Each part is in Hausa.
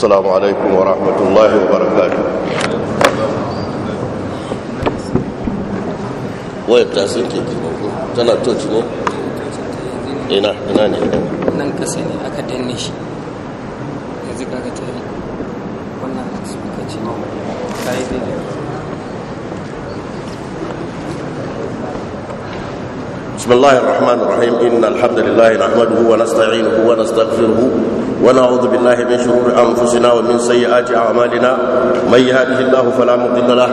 السلام عليكم ورحمة الله وبركاته ويبتع سنتي تنا توجمو اينا اينا نينا نان كسيني اكدنيش يزي كاكا تيري ونا سبكا بسم الله الرحمن الرحيم إن الحمد لله نحمده ونستعينه ونستغفره ونعوذ بالله من شرور أنفسنا ومن سيئات أعمالنا من يهده الله فلا مضل له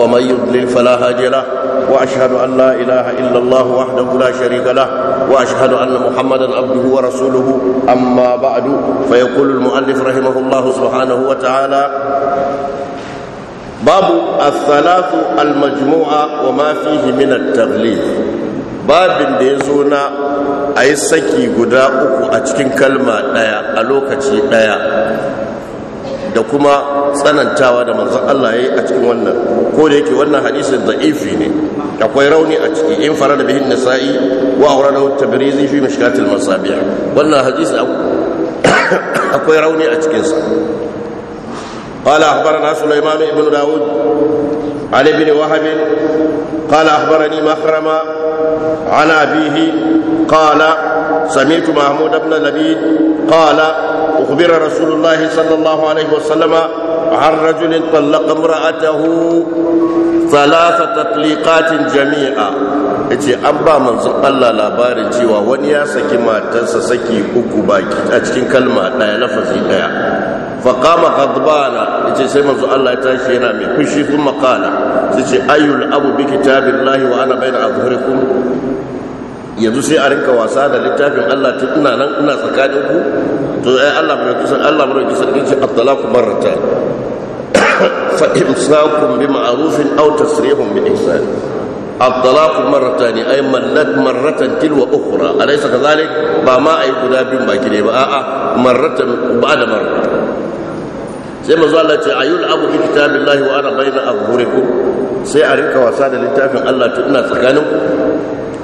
ومن يضلل فلا هادي له وأشهد أن لا إله إلا الله وحده لا شريك له وأشهد أن محمدا عبده ورسوله أما بعد فيقول المؤلف رحمه الله سبحانه وتعالى باب الثلاث المجموعة وما فيه من التغليظ babin da ya zo na a yi saki guda uku uku a cikin kalma ɗaya a lokaci ɗaya da kuma tsanantawa da manzon Allah ya yi a cikin wannan ko da yake wannan hadisin da'ifi ne akwai rauni a ciki in fara da bihin nisa'i wa aurada tabrizi fi mishkatil masabih wannan hadisi akwai rauni a cikin sa قال أخبرنا سليمان بن داود عن ابن وهب قال أخبرني مخرمة عن bihi Qala. سمعت محمود بن لبيد قال أخبر رسول الله صلى الله عليه وسلم عن رجل طلق امرأته تطليقات جميعا yace an ba manzon Allah labarin cewa wani ya saki matarsa saki uku baki a cikin kalma daya lafazi daya fa qama ghadbana yace sai manzon Allah ya tashi yana mai fushi kuma qala yace ayyul abu bi kitabillahi wa ana baina azhurikum yanzu sai a rinka wasa da littafin Allah tun ina nan ina tsakanin ku to ai Allah mai kusan Allah mai kusan yace at-talaqu marratan fa imsakum bi ma'rufin aw tasrihum bi ihsan at-talaqu marratan ay mallat marratan tilwa ukhra alaysa kadhalik ba ma ai guda bin baki ne ba a'a ba da marra sai manzo Allah ce ayul abu bi kitabillahi wa ana baina azhurikum sai a rinka wasa da littafin Allah tun ina tsakanin ku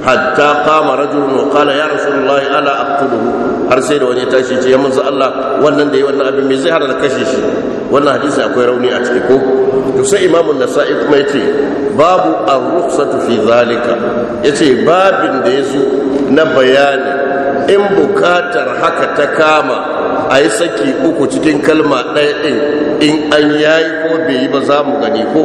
حتى قام رجل وقال يا رسول الله sai da أرسل وني تاشي يا منزل الله wannan da yi wannan abin mai zai hana da kashe shi wannan hadisi akwai rauni a ciki ko to sai imamun nasa'i kuma yace babu ar ruhsatu fi zalika yace babin da yazo na bayani in bukatar haka ta kama a yi saki uku cikin kalma ɗaya ɗin in an yayi ko bai yi ba za mu gani ko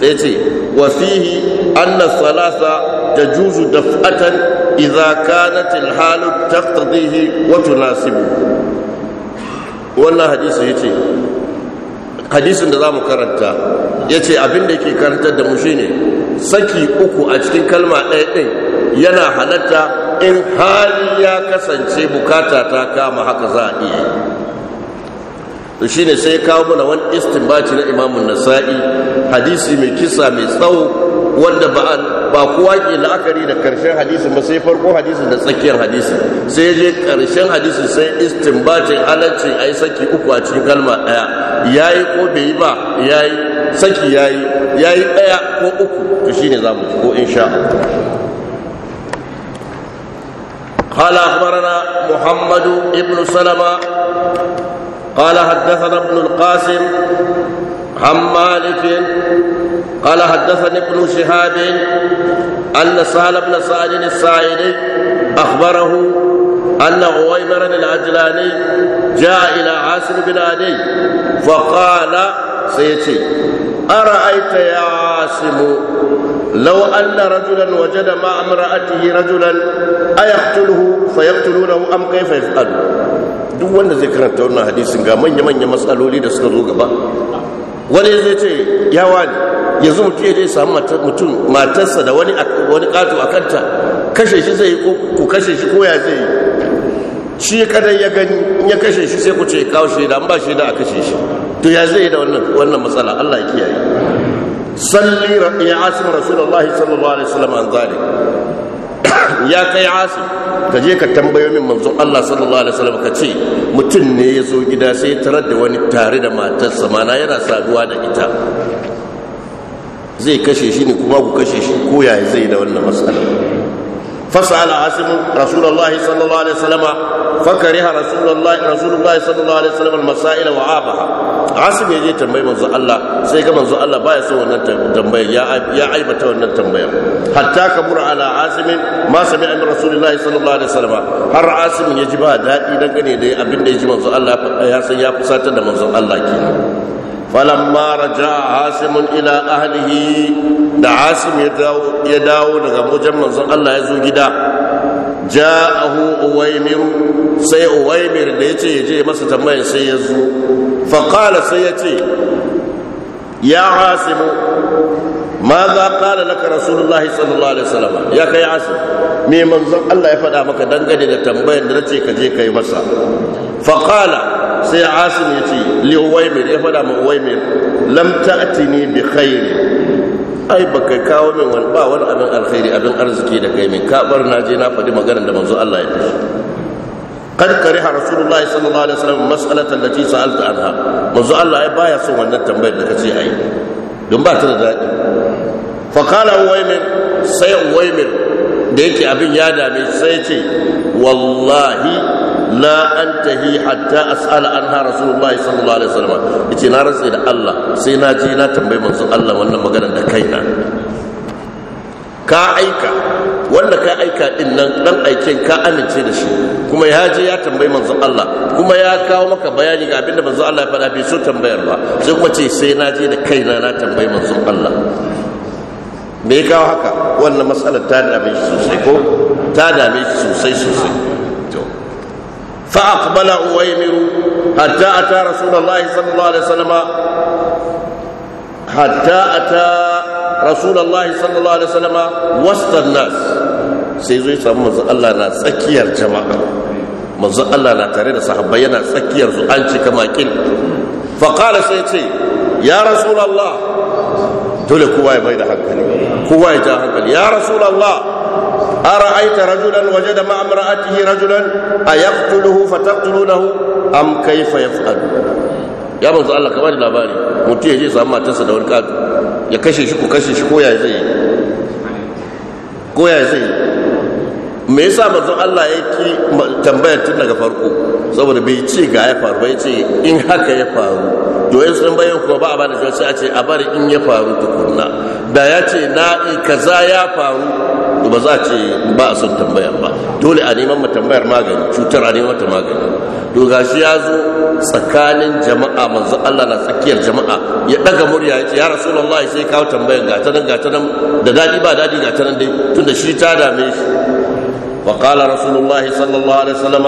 sai ce wasihi anna salasa تجوز دفعة إذا كانت الحال تقتضيه وتناسبه wannan hadisi ya hadisin da za mu karanta yace ce abin da ke karantar da mu shine saki uku a cikin kalma ɗaya ɗin yana halatta in hali ya kasance bukata ta kama haka za a to shine sai ya kawo mana wani istinbaci na imamun nasa'i hadisi mai kisa mai tsawo wanda ba kowa ke la'akari da karshen hadisin ba sai farko hadisin da tsakiyar hadisin sai je karshen hadisin sai istinbatin halarci a yi saki uku a cikin kalma ɗaya ya yi ko bai yi ba ya yi saki ya yi ya yi ɗaya ko uku to shi ne za ko insha sha. أخبرنا محمد بن سلمة قال حدثنا ابن القاسم عن مالك قال حدثني ابن شهاب أن سهل بن سعد الساعدي أخبره أن عويمر العجلاني جاء إلى عاصم بن علي فقال سيتي أرأيت يا عاصم لو أن رجلا وجد مع امرأته رجلا أيقتله فيقتلونه أم كيف يفعل duk wanda zai karanta wannan hadisin ga manya-manya matsaloli da suka zo gaba wani zai ce yawa ne yanzu mutum ya je samu mutum matarsa da wani kato a kanta kashe shi zai ko ku kashe shi ko ya zai yi shi kadai ya gani in ya kashe shi sai ku ce kawo shi da an ba shi da a kashe shi to ya zai da wannan wannan matsala Allah ya kiyaye salli ya asim rasulullahi sallallahu alaihi wasallam an zalik ya kai asim ka je ka tambayo min manzon Allah sallallahu alaihi wasallam ka ce mutum ne ya zo gida sai tarar da wani tare da matarsa mana yana saduwa da ita zai kashe shi ne kuma ku kashe shi ko yaya zai da wannan matsala فسأل عاصم رسول الله صلى الله عليه وسلم فكره رسول الله رسول الله صلى الله عليه وسلم المسائل وعابها عاصم يجي تنبيه wannan tambaye ya ya aibata wannan tambayar hatta kabur ala عاصم ما سمع من رسول الله صلى الله ba dadi dan gane da abin da ji manzo Allah ya san ya fusata da manzo Allah kenan فلما رجع عاصم الى اهله da عاصم ya dawo daga wajen manzon Allah ya zo gida ja'ahu uwaymir sai uwaymir da yace yaje masa tambayar sai ya zo fa qala sai yace ya عاصم ماذا قال لك رسول الله صلى الله عليه وسلم يا كي عاصم me manzon Allah ya faɗa maka dangane da tambayar da nace ka je kai masa faƙala sai asim ya ce li uwaimir ya faɗa ma uwaimir lam ta'tini bi khairi ai ba kai kawo min wani ba wani abin alkhairi abin arziki da kai min ka bar na je na faɗi maganar da manzo Allah ya tashi قد كره رسول الله صلى الله عليه وسلم المسألة Allah ya baya son wannan tambayar بايا سوى أن Don ba ta da دون باتر ذلك فقال ويمن da yake abin ya dame sai ce wallahi. la antahi hatta as'ala anha rasulullahi sallallahu alaihi wasallam yace na rantsa da Allah sai na je na tambayi manzo Allah wannan maganar da kaina ka aika wanda ka aika din nan dan aiken ka amince da shi kuma ya je ya tambayi manzo Allah kuma ya kawo maka bayani ga abinda manzo Allah ya faɗa bai so tambayar ba sai kuma ce sai na je da kaina na tambayi manzo Allah me ya kawo haka wannan matsalar ta dame shi sosai ko ta dame shi sosai sosai فأقبل أويمر حتى أتى رسول الله صلى الله عليه وسلم حتى أتى رسول الله صلى الله عليه وسلم وسط الناس سيزو يسمى الله لا سكير Allah na tare da sahabbai yana tsakiyar su an cika makin faƙala sai ce ya rasulallah dole kowa ya bai da hankali kowa ya ja hankali ya ara'aita rajulan wajada rajulan ayaqtuluhu fataqtulunahu am kayfa yaf'al ya bazu Allah ka bada labari mutu yaje samu matarsa da wani kado ya kashe shi ko kashe ko ya zai ko ya zai me yasa manzo Allah ya ki tambayar tun daga farko saboda bai ce ga ya faru bai ce in haka ya faru to yin bayan kuma ba a bada shi a ce a bari in ya faru tukunna da ya ce na kaza ya faru to ba za a ce ba a son tambayar ba dole a neman ma tambayar magani cutar a neman ta magani to gashi ya zo tsakanin jama'a manzo Allah na tsakiyar jama'a ya daga murya ya ce ya rasulullahi sai kawo tambayar gata nan gata nan da dadi ba dadi gata nan dai tunda shi ta dame shi وقال رسول الله صلى الله عليه وسلم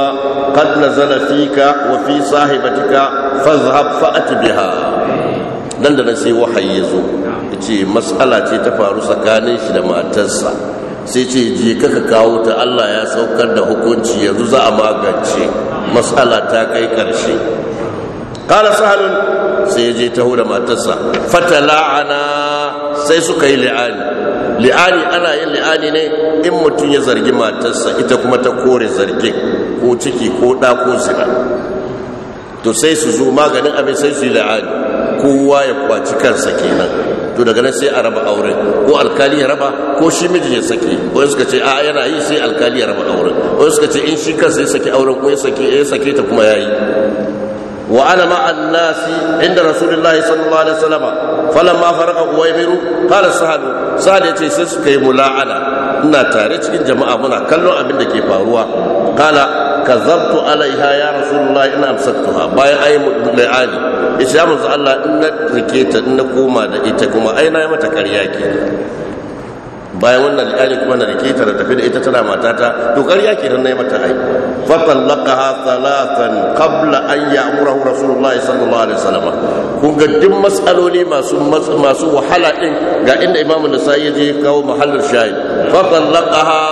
قد نزل فيك وفي صاحبتك فاذهب فأت بها دندن سي وحي يزو ce matsala ce ta faru tsakanin shi da matarsa sai ce je kaka kawo ta Allah ya saukar da hukunci yanzu za a magance matsala ta kai karshe kala sahalun sai ya je taho da matarsa fata la'ana sai suka yi li'ani li'ani ana yin li'ani ne in mutum ya zargi matarsa ita kuma ta kore zargin ko ciki ko ɗa ko zina to sai su zo maganin abin sai su yi li'ani kowa ya kwaci kansa kenan to daga nan sai a raba auren ko alkali ya raba ko shi mijin ya saki wani suka ce a yana yi sai alkali ya raba auren wani suka ce in shi kansa ya saki auren ko ya saki ta kuma ya yi وأنا مع الناس عند رسول الله صلى الله عليه وسلم فلما فرغ أويمر قال سهل سهل يتي سيسكي ملاعنة إنا تاريخ جماعة منا كلنا أبن دكي فاروا قال كذبت عليها يا رسول الله إن أمسكتها باي أي لعاني إسلام الله إن ركيت إن كوما إتكوما أين يمتكر ياكي bayan wannan alƙali kuma na rike ta da tafi da ita tana matata to ƙarya ke nan na yi mata ai fa talaqaha thalathan qabla an ya'murahu rasulullah sallallahu alaihi wasallam kun ga duk masaloli masu masu wahala din ga inda imam an-nasai ya je kawo mahallin shahid fa talaqaha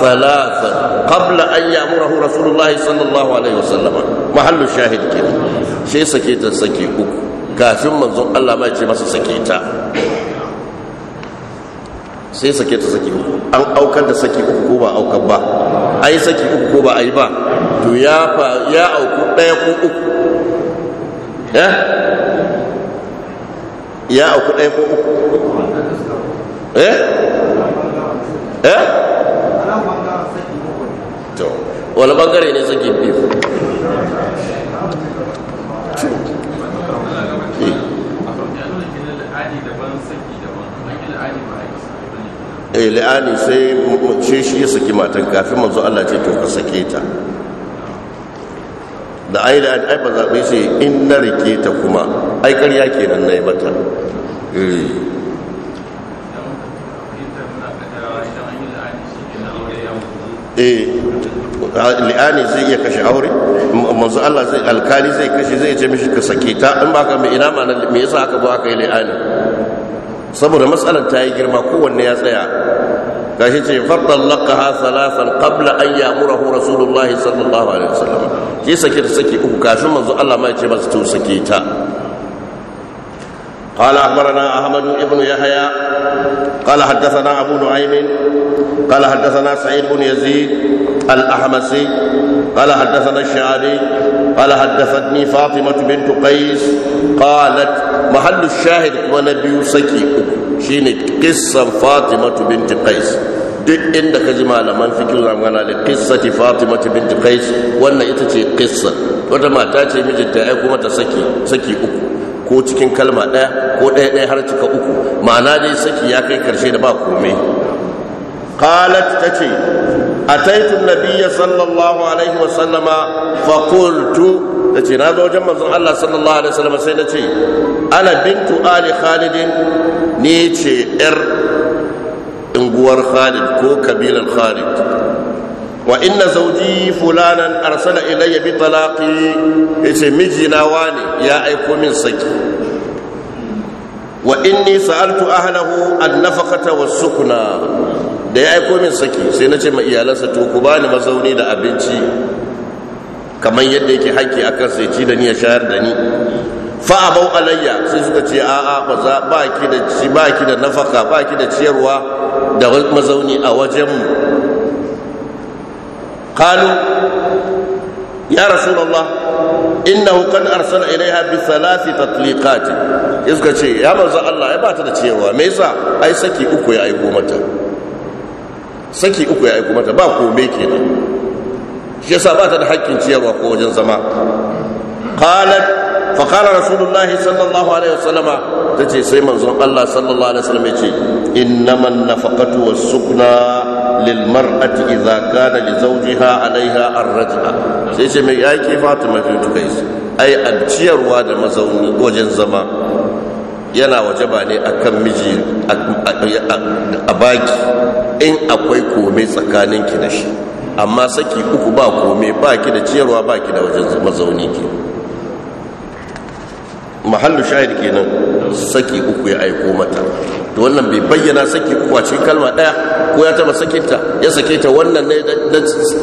thalathan qabla an ya'murahu rasulullah sallallahu alaihi wasallam mahallin shahid kenan sai sake ta sake uku kafin manzon Allah ma ya ce masa sake ta sai sake ta saki uku an aukar da saki uku ko ba aukar ba a yi saki uku ko ba a yi ba to ya auku ɗaya ko uku ya ya auku ɗaya ko uku eh eh to wani bangare ne saki biyu Eh, li'ani sai shi shi ya saki matan kafin manzo Allah ce to ka sake ta da ai da ai ba zaɓe sai in na rike ta kuma ai ƙarya kenan nayi mata eh. eh li'ani zai iya kashe aure manzo Allah zai alkali zai kashe zai ce mishi ka sake ta in baka mai ina ma me yasa aka zo aka yi li'ani saboda matsalar ta yi girma kowanne ya tsaya gashi ce fardallaqaha salasan qabla an ya'murahu rasulullahi sallallahu alaihi wasallam ke sake ta sake uku kafin manzo Allah ma ya ce masu to sake ta qala akhbarana ahmad ibn yahya قال حدثنا أبو نعيم قال حدثنا سعيد بن يزيد الأحمسي قال حدثنا الشعبي قال حدثتني فاطمة بنت قيس قالت محل الشاهد ونبي سكي شيني قصة فاطمة بنت قيس duk inda ka ji malaman fikiru na magana da kissati fatima binti qais wannan ita ce kissa wata mata ce mijinta ya kuma ta saki saki uku ko cikin kalma ɗaya ko ɗaya ɗaya har cika uku ma'ana dai saki ya kai karshe da ba komai qalat ta ce taitun nabiyya sallallahu alaihi wa sallama fa ce na zo wajen manzon Allah sallallahu alaihi wa sallama sai na ce ana bintu ali khalid ni ce yar unguwar khalid ko kabilar khalid wa inna zauji fulanan arsala ilayya bi talaqi yace miji na wani ya aiko min saki wa inni sa'altu ahlahu an-nafaqata was-sukna da ya aiko min saki sai na ce ma iyalansa to ku bani mazauni da abinci kamar yadda yake hakki akan sai ci da ni ya shayar da ni fa abau alayya sai suka ce a'a ba za baki da ci ba da nafaka baki da ciyarwa da mazauni a wajenmu ya يا رسول الله إنه قد أرسل إليها بثلاث تطليقات يسكا شيء يا مرزا الله يبات تشيروا ميسا أي سكي أكو يا أيكو متى سكي أكو يا أيكو متى باكو ميكي shi yasa ba ta da hakkin ciyarwa ko wajen zama qalat fa qala rasulullahi sallallahu alaihi wasallam tace sai manzon Allah sallallahu alaihi wasallam yace innaman nafaqatu was-sukna للمرأة إذا كان لزوجها عليها الرجعة سيسي مي آي كي فاطمة بنت قيس أي أبتير da مزوني وجن zama yana waje ba ne akan miji a baki in akwai kome tsakaninki da shi amma saki uku ba kome ki da ciyarwa ba ki da wajen mazauni ke mahallu shahid kenan saki uku ya aiko mata to wannan bai bayyana saki uku a cikin kalma daya ko ya taba sakinta ya sake ta wannan ne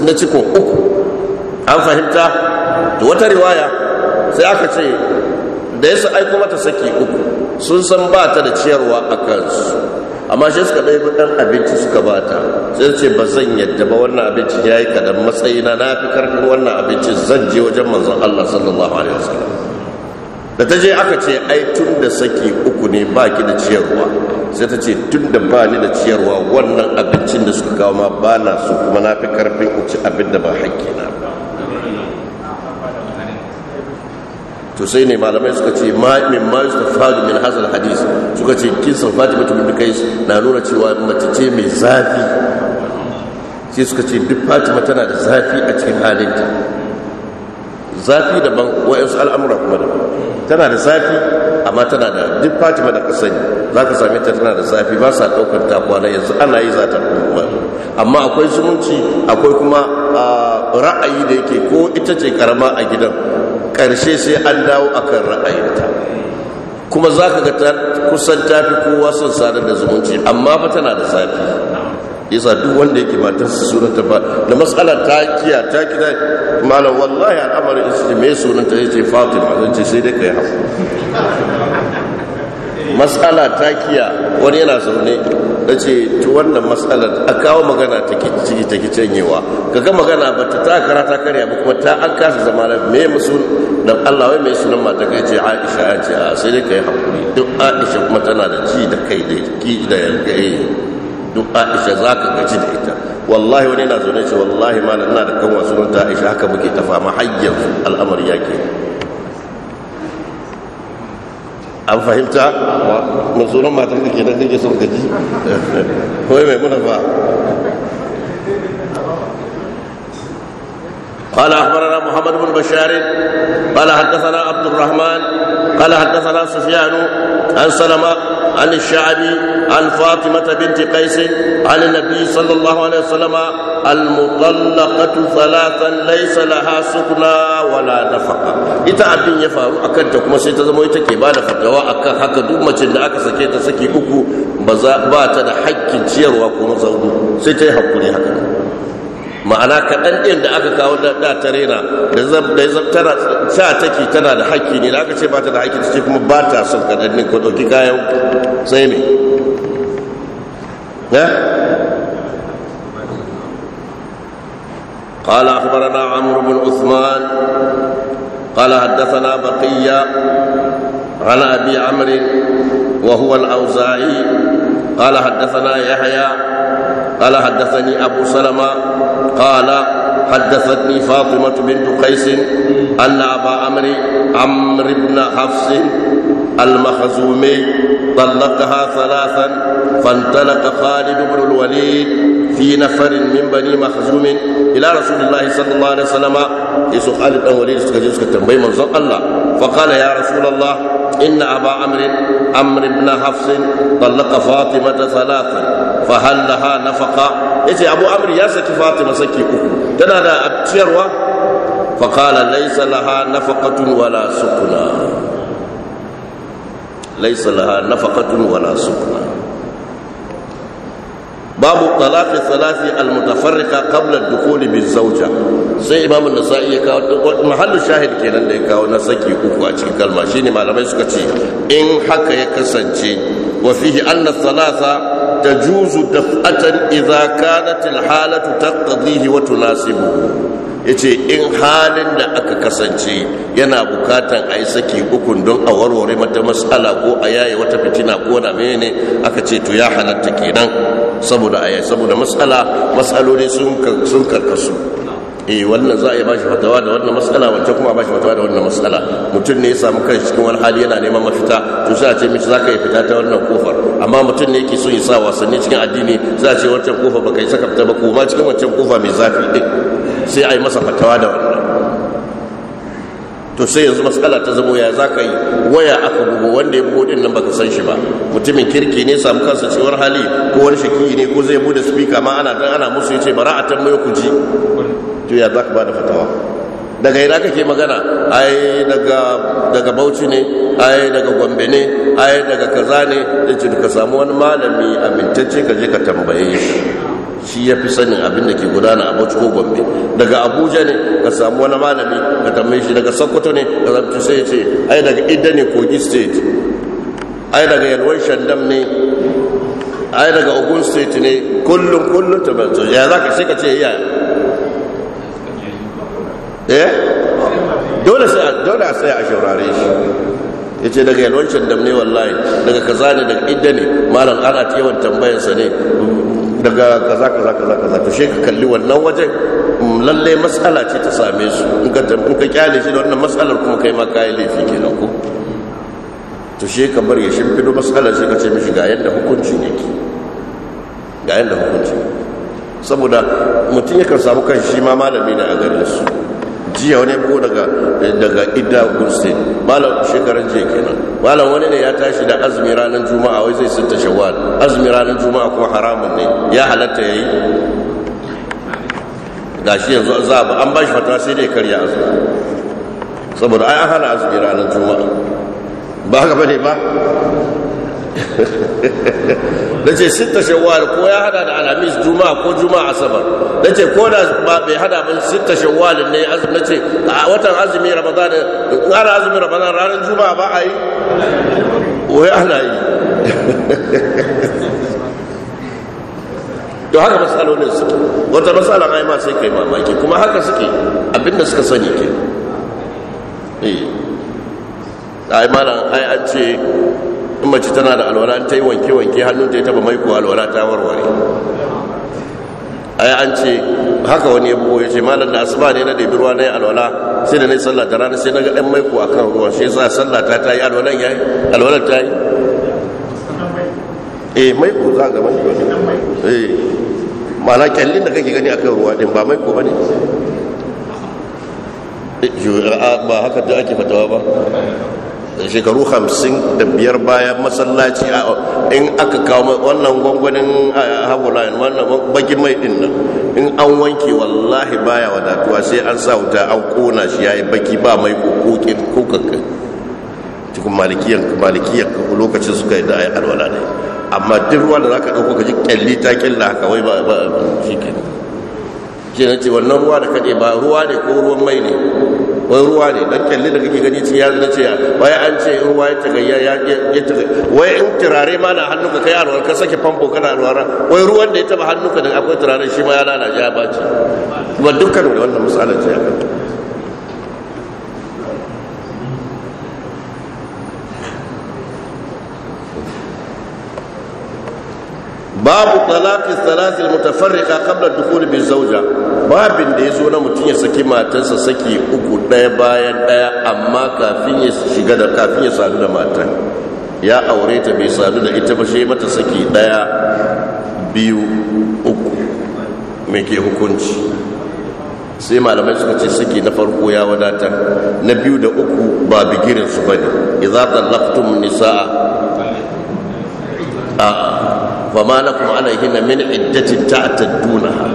na cikon uku an fahimta to wata riwaya sai aka ce da ya aiko mata saki uku sun san ba ta da ciyarwa a kansu amma shi suka ɗaya dan abinci suka ba ta sai ce ba zan yadda ba wannan abincin ya yi kaɗan matsayina na fi karfin wannan abincin zan je wajen manzon allah sallallahu alaihi wasallam da ta je aka ce ai tun da saki uku ne ba ki da ciyarwa sai ta ce tun da ba ni da ciyarwa wannan abincin da suka kawo ma ba na su kuma na fi karfin uci ci abin da ba hakki na ba to sai ne malamai suka ce ma min ma yustafadu min hadal hadis suka ce kin kisan fatima bin kai na nuna cewa mace ce mai zafi sai suka ce duk fatima tana da zafi a cikin halinta zafi daban wa'ansu al'amura kuma daban tana da zafi amma tana da duk fatima da kasan za ka same ta tana da zafi ba sa ɗaukar takuwa na yanzu ana yi za ta amma akwai zumunci akwai kuma ra'ayi da yake ko ita ce karama a gidan ƙarshe sai an dawo akan ra'ayinta kuma za ka ga kusan tafi kowa son sadar da zumunci amma ba tana da zafi yasa duk wanda yake matar su sunan ta ba da matsala ta kiya ta kira malam wallahi al'amarin isu me sunan ta yace fatima zan ce sai dai kai hafu matsala ta kiya wani yana zaune da ce wannan matsalar a kawo magana ta ciki ta ki canyewa kaga magana ba ta takara ta karya ba kuma ta an kasa zama na me musul dan Allah wai mai sunan mata kai ce Aisha ya ce a sai dai kai hakuri duk Aisha kuma tana da ji da kai da ki da yankai eh. duk aisha za ka gaji da ita wallahi wani yana zaune ce wallahi ma na da kan wasu ta aisha haka muke ta fama hayyar al'amari ke. an fahimta mai tsoron da ke nan kake son gaji kawai mai muna ba قال اخبرنا محمد بن بشار قال حدثنا عبد الرحمن قال حدثنا سفيان عن سلمه عن الشعبي عن فاطمة بنت قيس عن النبي صلى الله عليه وسلم المطلقة ثلاثا ليس لها سكنى ولا نفقة إذا أبين يفعل أكنت كما سيتزمو يتكي بعد فتوى أكا حكا دوما جل أكا سكيت سكي أكو باتنا حكي تير وكو مزودو سيتي حقوني حكا ma'ana kaɗan ɗin da aka kawo da da ta rena da zab tana sa take tana da haƙƙi ne da aka ce ba ta da haƙƙi ta ce kuma ba ta son kaɗan ɗin ko ɗauki kayan sai mai ya ƙala usman ƙala haddasa na baƙiyya rana abi amurin wahuwan auza'i ƙala haddasa na yahaya ƙala haddasa abu salama ƙala حدثتني فاطمة بنت قيس أن أبا عمرو عمرو بن حفص المخزومي طلقها ثلاثا فانطلق خالد بن الوليد في نفر من بني مخزوم الى رسول الله صلى الله عليه وسلم يسو خالد بن الوليد سكجي سكت تنبيه منزل الله فقال يا رسول الله ان ابا عمرو عمرو بن حفص طلق فاطمه ثلاثا فهل لها نفقه يجي ابو عمرو يا سكي فاطمه سكي تنا da ciyarwa فقال ليس لها نفقه ولا سكنى laysa laha nafaqatun wala sukna babu talaqi salasi almutafarriqa qabla ad-dukhul bizawja sai imam an-nasa'i ya kawo mahallu shahid kenan da ya kawo na saki uku a cikin kalma shine malamai suka ce in haka ya kasance wa fihi anna salasa تجوز دفعة إذا كانت الحالة تقتضيه وتناسبه ya ce in halin da aka kasance yana bukatan a yi saki ukun don a warware mata matsala ko a yaye wata fitina ko da mene aka ce to ya halatta kenan saboda a saboda matsala matsaloli sun karkasu eh wannan za a yi ba shi fatawa da wannan matsala wancan kuma ba shi fatawa da wannan matsala mutum ne ya samu kai cikin wani hali yana neman mafita to sai a ce mishi za ka yi fita ta wannan kofar amma mutum ne yake so ya sa wasanni cikin addini za ce wancan kofa baka yi saka ba kuma cikin wancan kofa mai zafi din sai a yi masa fatawa da wannan to sai yanzu matsala ta zamo ya za ka yi waya aka bugu wanda ya bugu din nan baka san shi ba mutumin kirki ne samu kansa cewar hali ko wani shaki ne ko zai bude speaker ma ana dan ana musu yace bara a tambayo ku ji to ya za ka ba da fatawa daga ina kake magana ai daga daga Bauchi ne ai daga Gombe ne ai daga kaza ne yace ka samu wani malami amintacce ka je ka tambaye shi shi ya fi sanin abin da ke gudana a Bauchi ko Gombe daga Abuja ne ka samu wani malami ka tambaye shi daga Sokoto ne ka zamci sai ce ai daga Idda ne Kogi state ai daga Yalwan Shandam ne ai daga Ogun state ne kullum kullum ta ya zaka sai ka ce iya eh dole sai dole sai a shaurare shi yace daga yalwancin damne wallahi daga kaza ne daga idda ne malam ana ta yawan tambayar sa ne daga kaza kaza kaza kaza to shi kalli wannan wajen mm, lalle matsala ce ta same su in ka in ka kyale shi da wannan masalar kuma kai ma kai laifi kenan ko to shi ka bar ya shimfido matsalar shi ka ce mishi ga yadda hukuncin yake ga yadda hukuncin saboda mutum yakan samu kan shi ma malami ne a garin su jiya wani ko daga daga idda gustin malam shekaran jiya kenan malam wani ne ya tashi da azumi ranar juma'a wai zai sitta shawwal azumi ranar juma'a kuma haramun ne ya halatta yayi gashi yanzu za ba an ba shi fata sai dai karya azumi saboda ai an hana azumi ranar juma'a ba haka bane ba da ce sitta shawar ko ya hada da alamis juma'a ko juma'a asabar da ce ko da ba bai hada ba sitta shawar ne azumi na ce a watan azumi ramadan in ana azumi ramadan ranar juma'a ba a yi wai ana yi to haka matsalolin su wata matsala ma ma sai kai mamaki kuma haka suke abinda suka sani ke eh ai malam ai an ce in mace tana da alwala ta yi wanke-wanke hannun ta yi taba maiko alwala ta warware ai an ce haka wani yabo ya ce malam da asuba ne na da ruwa na alwala sai da na sallah da rana sai na ga ɗan maiko akan ruwa ruwan shi yasa sallah ta ta yi alwala ya yi alwala ta yi eh maiko za ga maiko ne eh mala kallin da kake gani akan ruwa din ba maiko ba ne eh, ba haka da ake fatawa ba shekaru hamsin da biyar bayan masallaci in aka kawo wannan gwangwanin habulayen wannan bakin mai din nan in an wanke wallahi baya wadatuwa sai an sa wuta an kona shi ya yi baki ba mai kokokin kokaka cikin malikiyan malikiyan lokacin suka yi da ayi alwala ne amma duk ruwa da zaka dauko kaji kyalli ta kyalla haka wai ba shi kenan shi ne ce wannan ruwa da kade ba ruwa ne ko ruwan mai ne wai ruwa ne dan kalli da kake gani ya na ce wai an ce ruwa ya gayya ya ya ta wai in turare ma na ka kai alwar ka sake famfo kana alwara wai ruwan da ya taba ka da akwai turare shi ma ya lalace ya bace ba dukkan wannan misalan ce ya kanta babu talaqi salati mutafarriqa qabla dukhul bi zawja babin da yazo na mutun ya saki matarsa saki uku daya bayan daya amma kafin ya shiga da kafin ya sadu da matar ya aure ta bai sadu da ita ba sai mata saki daya biyu uku me ke hukunci sai malamai suka ce saki na farko ya wadata na biyu da uku ba bigirin su bane idza talaqtum nisaa a fama lakum alaihinna min iddatin ta'taddunaha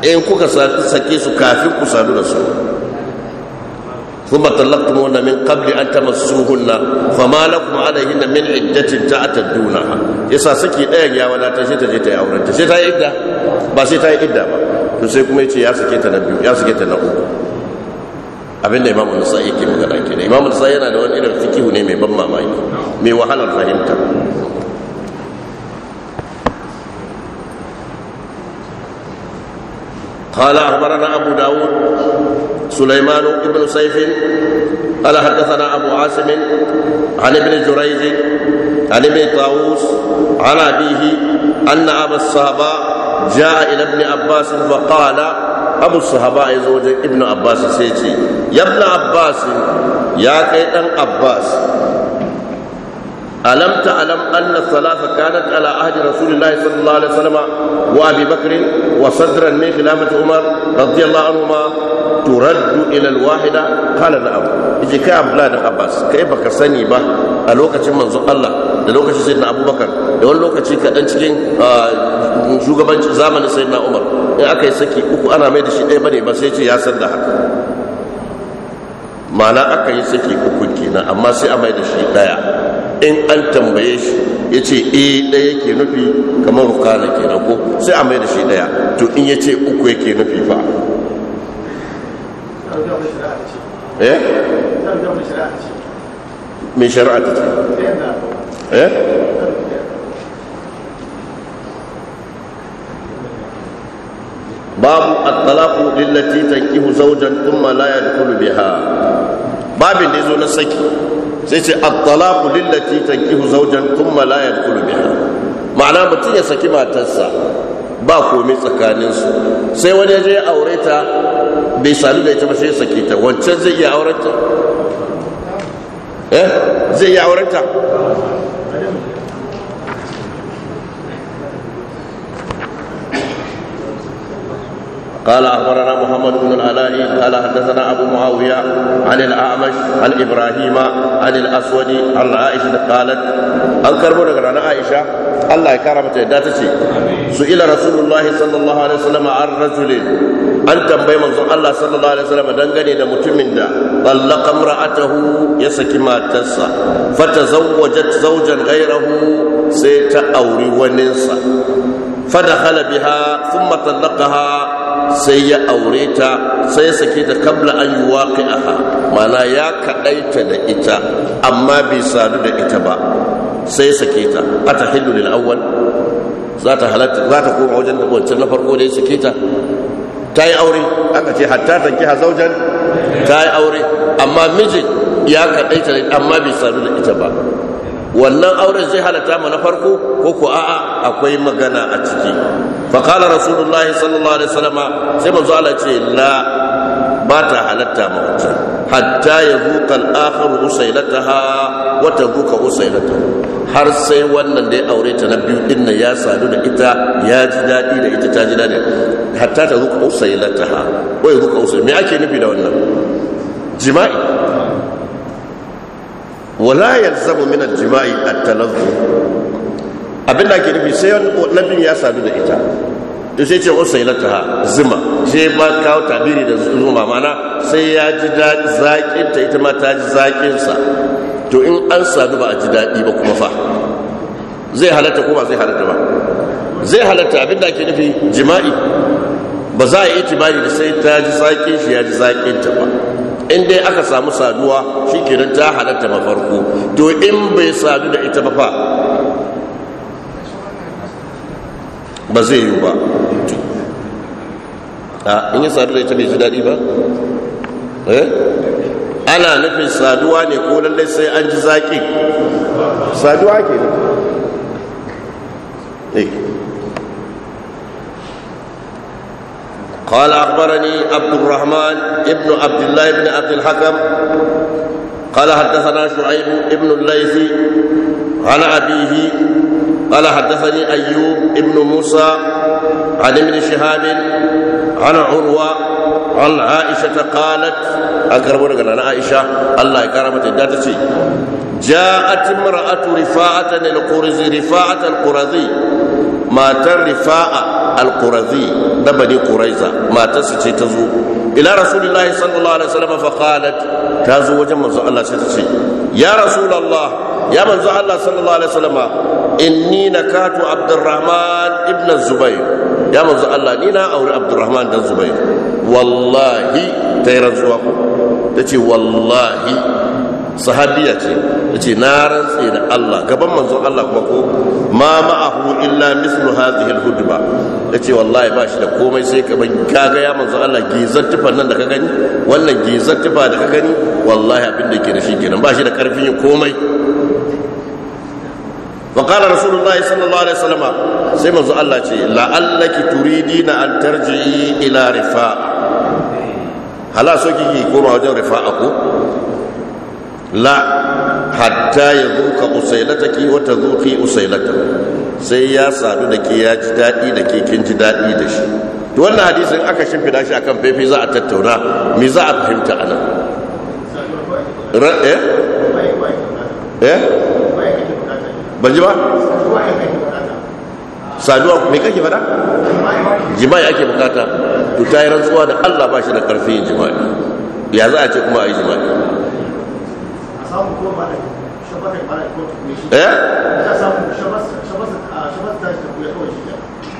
in kuka sake su kafin ku sadu da su ثم طلقتموهن من قبل أن تمسوهن فما لكم عليهن من عدة تعتدونها يسا سكي دين ولا تشيت جيت يا أورنت شيت هاي إدة بس هاي إدة ما نسيكم يا سكيت نبي يا سكيت نبي abin da imamu nasa yake magana kenan imamu nasa yana da wani irin fikihu ne mai ban mamaki mai wahalar fahimta قال أخبرنا أبو داود سليمان بن سيف قال حدثنا أبو عاصم عن ابن جريج عن ابن طاووس عن أبيه أن أبا الصهباء جاء إلى ابن عباس فقال أبو الصهباء زوج ابن عباس سيتي يا ابن عباس يا كيدن عباس ألم تعلم أن الصلاة كانت على عهد رسول الله صلى الله عليه وسلم وأبي بكر وصدرا من خلافة عمر رضي الله عنهما ترد إلى الواحدة قال نعم إذا كان بلاد عباس كيف sani ba a lokacin manzon Allah da lokacin sayyidina Abubakar da wani lokaci kaɗan cikin shugabancin zamanin sayyidina Umar in aka yi saki uku ana mai da shi ɗaya bane ba sai ce ya san da haka ma'ana aka yi saki uku kenan amma sai a mai da shi ɗaya in an tambaye shi ya ce e eh, ɗaya ke nufi kamar rukana ke ko sai a mai da shi ɗaya to in ya ce uku yake nufi fa eh? mai shari'a ta ce eh? babu a talaqu lillati tankihu zawjan thumma la yadkhulu biha babin da zo na saki sai ce at lillati tankihu zawjan thumma la yadkhulu biha ma'ana mutum ya saki matarsa ba komai tsakanin su sai wani ya je ya aure ta bai sami da ita ba sai ya saki ta wancan zai iya auren ta eh zai iya auren ta قال اخبرنا محمد بن العلاء قال حدثنا ابو معاويه عن الاعمش عن ابراهيم عن الاسود عن عائشه قالت an karbo daga ranar aisha allah ya kara mata yadda ta su ila rasulullah sallallahu alaihi an an tambayi manzon allah sallallahu alaihi wasallam dangane da mutumin da tallaqa imra'atahu ya saki matarsa fatazawwajat zawjan ghayrahu sai ta auri waninsa fadakhala biha thumma talaqaha sai ya aure ta sai ya sake ta kabla an yi aha mana ya kadaita da ita amma bai sadu da ita ba sai ya sake ta ta hindu da awwal za ta halatta za ta koma wajen wancan na farko da ya sake ta ta yi aure aka ce hatta ta kiha zaujan ta yi aure amma mijin ya kadaita amma bai sadu da ita ba wannan auren zai halatta mu na farko ko ko a'a akwai magana a ciki fa qala rasulullah sallallahu alaihi wasallam sai manzo Allah ce la ba ta halatta mu wancan hatta yazuqa al-akhar usailataha wa tazuqa usailataha har sai wannan da ya aure ta na biyu din ya sadu da ita ya ji dadi da ita ta ji dadi hatta tazuqa usailataha wai zuqa usai me ake nufi da wannan jima'i wala yalzamu min al-jima'i at-talazzu abin da ke nufi sai nabin ya sadu da ita In sai ce usailataha zuma sai ba kawo tabiri da zuma mana sai ya ji zaƙin ta ita ma ta ji zaƙin sa to in an sadu ba a ji daɗi ba kuma fa zai halatta ko ba zai halatta ba zai halatta abin da ke nufi jima'i ba za a yi itibari da sai ta ji zaƙin shi ya ji zaƙin ta ba in dai aka samu saduwa shi nan ta halatta mafarko to in bai sadu da ita ba fa ba zai yi ba a in yi sadu da ita bai ji daɗi ba eh ana nufin saduwa ne ko lallai sai an ji zaƙi saduwa ke ne eh. قال أخبرني عبد الرحمن ابن عبد الله بن عبد الحكم قال حدثنا شعيب ابن الليث عن أبيه قال حدثني أيوب ابن موسى عن ابن شهاب عن عروة عن عائشة قالت لك أنا عائشة الله كرمت الداتسي جاءت امرأة رفاعة القرزي رفاعة القرزي ما رفاعة al-qurazi na bani quraiza matarsa ce ta zo ila rasulullahi sallallahu alaihi wasallam fa qalat ta zo wajen manzo Allah sai ta ce ya rasulullah ya manzo Allah sallallahu alaihi wasallam inni nakatu abdurrahman ibn zubair ya manzo Allah ni na auri abdurrahman dan zubair wallahi ta yi rantsuwa ko ta ce wallahi sahabiya ce ce na rantse da Allah gaban manzon Allah kuma ko ma ma'ahu illa mislu hadhihi al-hudba ce wallahi ba shi da komai sai ka kaga ya manzon Allah gizar tufan nan da ka gani wannan gizar tufa da ka gani wallahi abin da ke da shi kenan ba shi da karfin yin komai وقال رسول الله صلى الله عليه وسلم سيما الله شيء لعلك تريدين أن ترجعي إلى رفاء هلا سوكي كوما wajen رفاء أكو la. hatta ya zuka usailataki wa ta zuki usailata sai ya sadu da ke ya ji daɗi da ke kin ji daɗi da shi to wannan hadisin aka shimfida shi akan fefe za a tattauna me za a fahimta ana eh eh ban ji ba saduwa me kake fada jima'i ake bukata to ta zuwa rantsuwa da Allah ba shi da karfi jima'i ya za a ce kuma a yi jima'i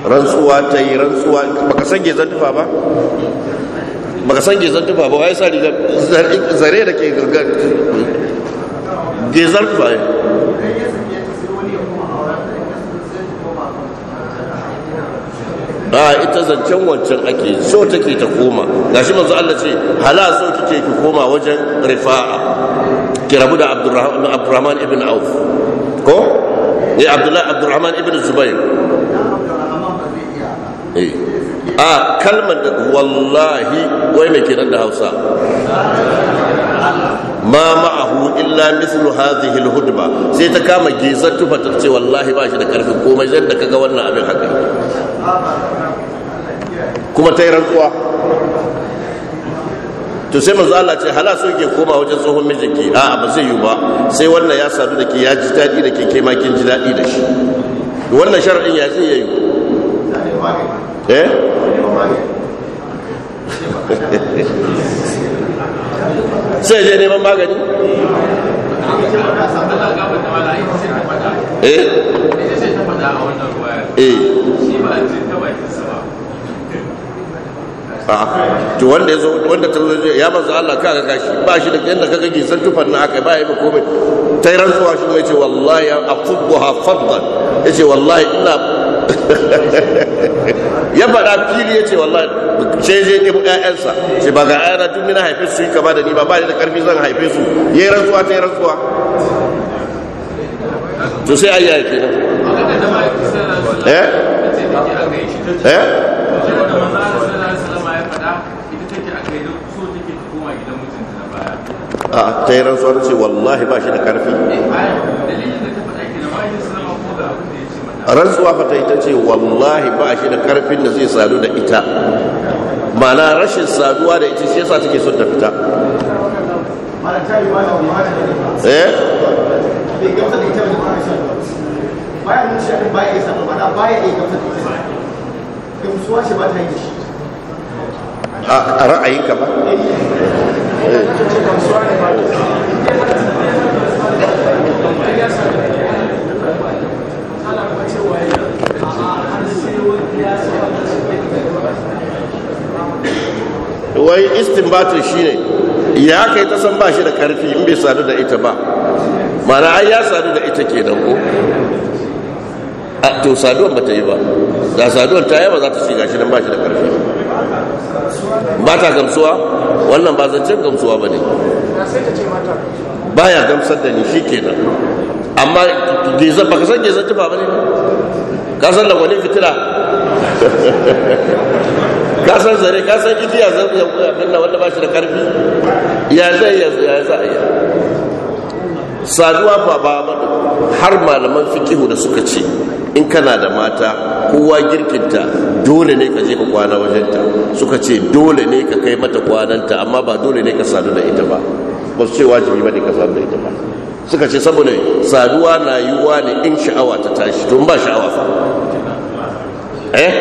rantsuwa ta yi rantsuwa baka san zare da ke ne a ah, ita zancen wancan ake so take ta koma gashi manzo Allah ce hala so kike ki koma wajen rifa'a ki rabu da abdurrahman ibn auf ko ya eh, abdullahi abdurrahman ibn zubair eh. a ah, kalmar da wallahi wai mai kiran da hausa ma ma'ahu illa mislu hadhihi alhudba sai ta kama gizar tufa ta ce wallahi ba shi da karfin komai zan da kaga wannan abin haka kuma ta yi rantsuwa to sai manzo Allah ce hala so ke koma wajen tsohon mijinki a ba zai yi ba sai wannan ya sadu da ke ya ji daɗi da ke kai makin ji daɗi da shi wannan sharadin ya zai yi eh sai je neman magani eh eh to wanda yazo wanda ta zo ya ba manzo Allah kaga gashi ba shi da yanda kaga gisan tufan na aka ba ya ba komai tai rantsuwa shi ce wallahi afubha fadlan yace wallahi ina ya faɗa fili yace wallahi sai zai ɗebo ƴaƴansa sai ba ga ayyana tun ni na haife su yi kama da ni ba ba da karfi zan haife su yayi rantsuwa tai rantsuwa to sai ayya kenan eh eh a ta rantsuwa ce wallahi ba shi da karfi rantsuwa fata ta ce wallahi ba shi da karfin da zai sadu da ita mana rashin saduwa da ita shi yasa take son ta fita eh? a ra'ayinka ba Eh. wai istinbatin shi ne ya kai ta san ba shi da karfi in bai sadu da ita ba mana ai ya sadu da ita ke da ko a ah, to saduwan ba ta yi ba da saduwan ta yi ba za ta shiga shi nan ba shi da karfi ba ta gamsuwa wannan ba zancen gamsuwa ba ne ba ya gamsar da ni shi kenan amma gizan baka san gizan tufa ba ne ka san lagwani fitila ka san zare ka san ya zan ya kuya wanda ba shi da karfi ya zai ya za a yi saduwa ba ba har malaman fikihu da suka ce in kana da mata kowa girkinta dole ne ka je ka kwana wajenta suka ce dole ne ka kai mata kwananta amma ba dole ne ka sadu da ita ba ba su ce wajibi ba ne ka sadu da ita ba suka ce saboda saduwa na yiwuwa ne in sha'awa ta tashi tun ba sha'awa fa eh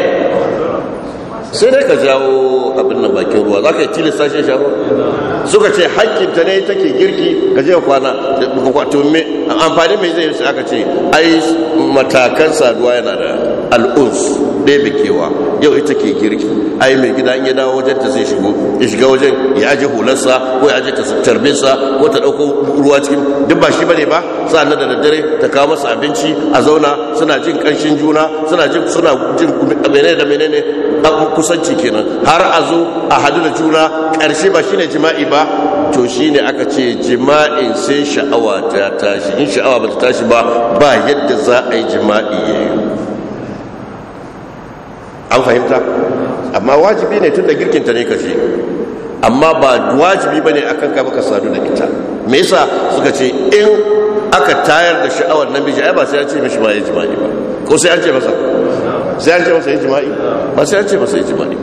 sai dai ka jawo abin nan bakin ruwa za ka yi ta shi sha'awa suka ce ta ne take girki ka je kwana da me amfani mai zai yi aka ce ai matakan saduwa yana da al'uz ɗebe kewa yau ita ke girki ai mai gida in ya dawo wajen ta sai shigo ya shiga wajen ya aji hularsa ko ya aji tarbinsa ko ta dauko ruwa cikin duk ba shi bane ba sa'annan da daddare ta kawo masa abinci a zauna suna jin ƙanshin juna suna jin suna jin menene da menene kusanci kenan har a zo a hadu da juna ƙarshe ba shine jima'i ba to shi ne aka ce jima'in sai sha'awa ta tashi in sha'awa ba ta tashi ba ba yadda za a yi jima'i ya an fahimta amma wajibi ne tun da girkinta ne kashi amma ba wajibi ba ne akan ka baka sadu da ita me yasa suka ce in aka tayar da sha'awar namiji ai ba sai an ce mishi ba ya jima'i ba ko sai an ce masa sai an ce masa ya jima'i ba sai an ce masa ya jima'i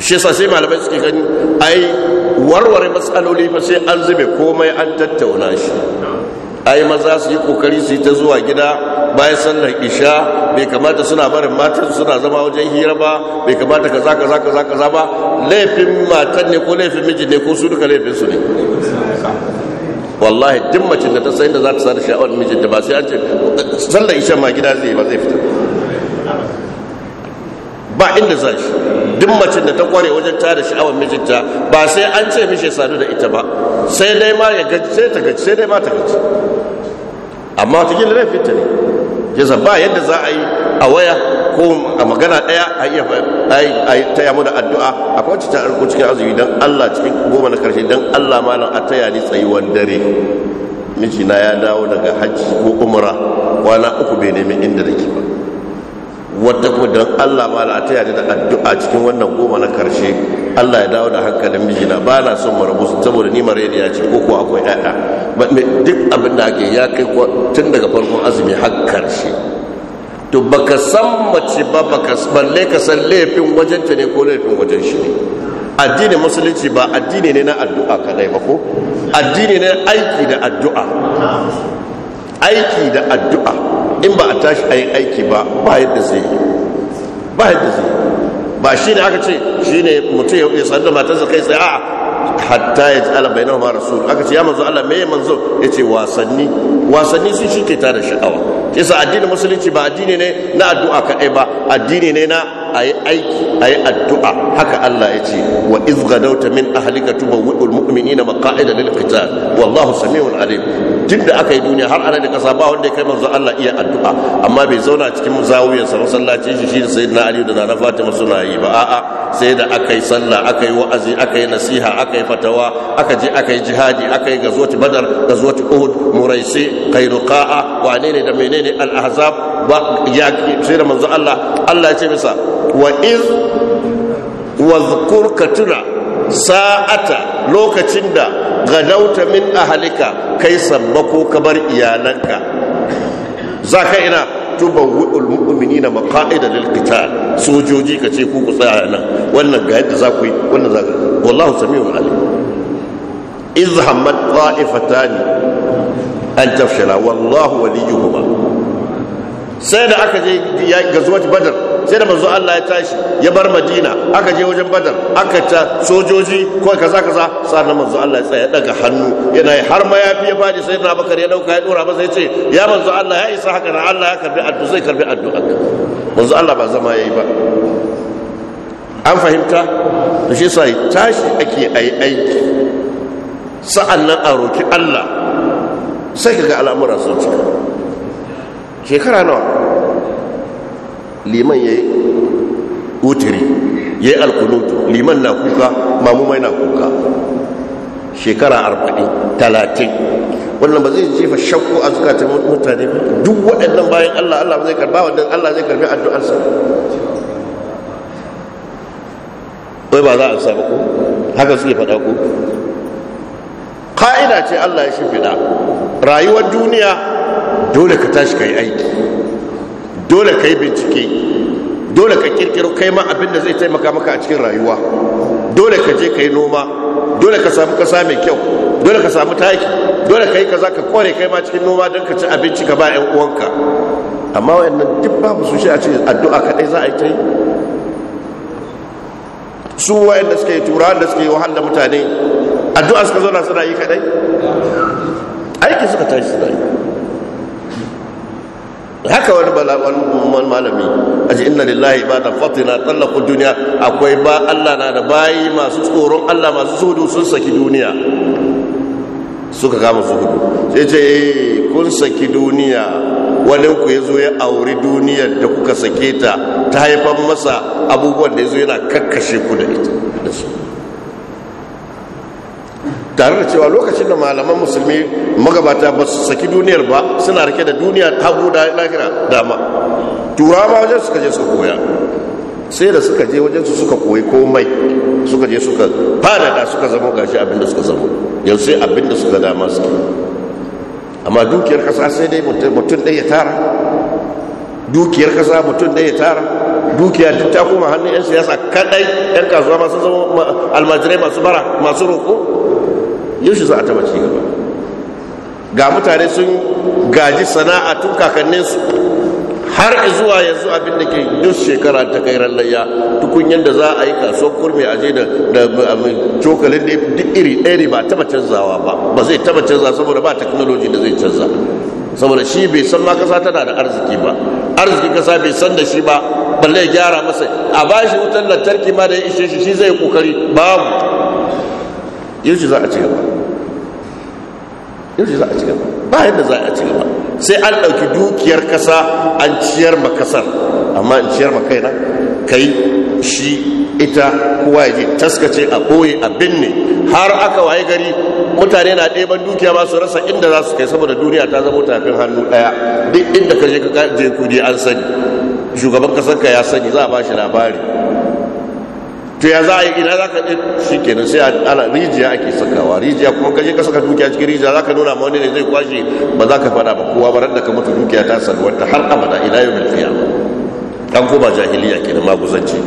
shi yasa sai malamai suke gani ai warware matsaloli ba sai an zube komai an tattauna shi ai maza su yi kokari su yi ta zuwa gida bayan sallar isha bai kamata suna barin matan suna zama wajen hira ba bai kamata ka zaka zaka zaka ba laifin matan ne ko laifin miji ne ko su duka laifin su ne wallahi duk mace da ta san da za ta sa da sha'awar mijinta ba sai an ce sallar isha ma gida zai ba zai fita ba inda za shi duk macin da ta kware wajen tada sha'awar mijinta ba sai an ce mishi sadu da ita ba sai dai ma ya gaji sai ta gaji sai dai ma ta gaji amma ta gina laifin ta ne yasa ba yadda za a yi a waya ko a magana daya a iya a taya mu da addu'a a kwanci ta arko cikin azumi don Allah cikin goma na karshe don Allah malam a taya ni tsayuwar dare mijina ya dawo daga hajji ko umara kwana uku bai nemi inda ke ba wata kuma don Allah ma la taya da addu'a cikin wannan goma na karshe Allah ya dawo da hankalin mijina ba na son marabu saboda ni ma ya ce ko ko akwai ƴaƴa duk abin da ake ya kai tun daga farkon azumi har karshe to baka san mace ba baka balle ka san laifin wajen ta ne ko laifin wajen shi ne addinin musulunci ba addini ne na addu'a kadai ba ko addini ne aiki da addu'a aiki da addu'a in ba a tashi a yi aiki ba ba yadda zai yi ba yadda zai yi ba shi ne aka ce shi ne mutum ya san da matarsa kai tsaye a hatta ya ji ala bai nawa rasul aka ce ya manzo Allah me manzo ya ce wasanni wasanni sun shi ke tada sha'awa kisa addinin musulunci ba addini ne na addu'a kaɗai ba addini ne na a yi aiki a yi addu'a haka Allah ya ce wa iz gadauta min ahlika tubawwi'ul mu'minina maqa'ida lil qital wallahu samiun alim duk da aka yi duniya har ana da kasa ba wanda ya kai manzo Allah iya addu'a amma bai zauna cikin zawiyar sa masallaci shi shi sayyidina Ali da nana Fatima suna yi ba a'a sai da aka yi sallah aka yi wa'azi aka yi nasiha aka yi fatawa aka je aka yi jihadi aka yi gazwati Badar gazwati Uhud Muraisi Qainuqa'a Wa ne da menene al-Ahzab ba ya sai da manzo Allah Allah ya ce masa wa iz wa ka tuna sa'ata lokacin da gadauta min ahalika kai sammako ka bar iyalanka za ka ina tuban wi'ul mu'mini na maka'ida lil qital sojoji ka ce ku ku tsaya nan wannan ga yadda za ku yi wannan za ku wallahu samiu alim iz hammat ta'ifatani an tafshala wallahu waliyuhuma sai da aka je ya gazuwa badar sai da manzo Allah ya tashi ya bar Madina aka je wajen Badar aka ta sojoji ko ka ka za za kaza sannan manzo Allah ya tsaya daga hannu yana har ma ya fi ya fadi sai na Bakar ya dauka ya dora masa ya ce ya manzo Allah ya isa haka na Allah ya karbi addu'a zai karbi addu'a manzo Allah ba zama yayi ba an fahimta to shi sai tashi ake ai aiki nan a roki Allah sai kaga al'amura sun cika shekara nawa liman ya yi wutiri ya yi alkunutu liman na kuka mamumai na kuka shekara arba'in talatin wannan ba zai jefa shakku a zukatan mutane duk waɗannan bayan allah allah zai karba wannan allah zai karbi addu'arsa wai ba za a saba ko haka suke faɗa ko ka'ida ce allah ya fiɗa rayuwar duniya dole ka tashi ka yi aiki dole ka yi bincike dole ka kirkiro kai ma abin da zai taimaka maka a cikin rayuwa dole ka je ka yi noma dole ka samu kasa mai kyau dole ka samu taki dole ka yi kaza ka kware kai ma cikin noma don ka ci abinci ka ba 'yan uwanka amma wayannan duk babu su shi a cikin addu'a kadai za a yi ta yi su wayanda suke tura da suke wahala mutane addu'a suka zo na suna yi kadai aiki suka tashi suna yi haka wani wani malami a ji inna lillahi ba da fatina tsallakun duniya akwai ba allah na da bayi masu tsoron allah masu sudu sun saki duniya suka kama hudu sai ce eh, kun saki duniya wani ku ya zo ya auri duniyar da kuka sake ta ta haifan masa abubuwan da ya zo yana kakkashe ku da ita tare da cewa lokacin da malaman musulmi magabata ba su saki duniyar ba suna rike da duniya hagu da lahira dama turawa wajen suka je suka koya sai da suka je wajen su suka koyi komai suka je suka fadada suka zama gashi abinda suka zama yau sai abinda suka dama suke amma dukiyar kasa sai dai mutum ɗaya tara dukiyar kasa mutum ɗaya tara dukiya duk ta koma hannun 'yan siyasa kadai 'yan kasuwa masu zama almajirai masu bara masu roƙo yaushe za a taba ci gaba ga mutane sun gaji sana'a tun kakanninsu har zuwa yanzu abin da ke duk shekara ta kai layya tukunyen da za a yi kaso kurmi a je da cokalin da duk iri ɗaya ba taba canzawa ba ba zai taba canza saboda ba teknoloji da zai canza saboda shi bai san ma kasa tana da arziki ba arziki kasa bai san da shi ba balle ya gyara masa a ba shi wutar lantarki ma da ya ishe shi shi zai kokari babu yanzu za a ce gaba Yanzu za a ci gaba ba yadda za a ci gaba sai an ɗauki dukiyar kasa an ciyar ma kasar amma an ciyar ma kaina kai shi ita kowa ya je taskace a ɓoye a binne har aka waye gari mutane na ɗeban dukiya ma su rasa inda za su kai saboda duniya ta zama tafin hannu ɗaya duk inda ka je ka je kudi an sani shugaban kasar ka ya sani za a ba shi labari to ya za a yi ina za ka ɗin shi kenan sai ala rijiya ake sakawa rijiya kuma kaje ka saka dukiya cikin rijiya za ka nuna ma wani ne zai kwashe ba za ka faɗa ba kowa ba da ka mutu dukiya ta wata har abada ila yau mai fiya an koma jahiliya kenan maguzanci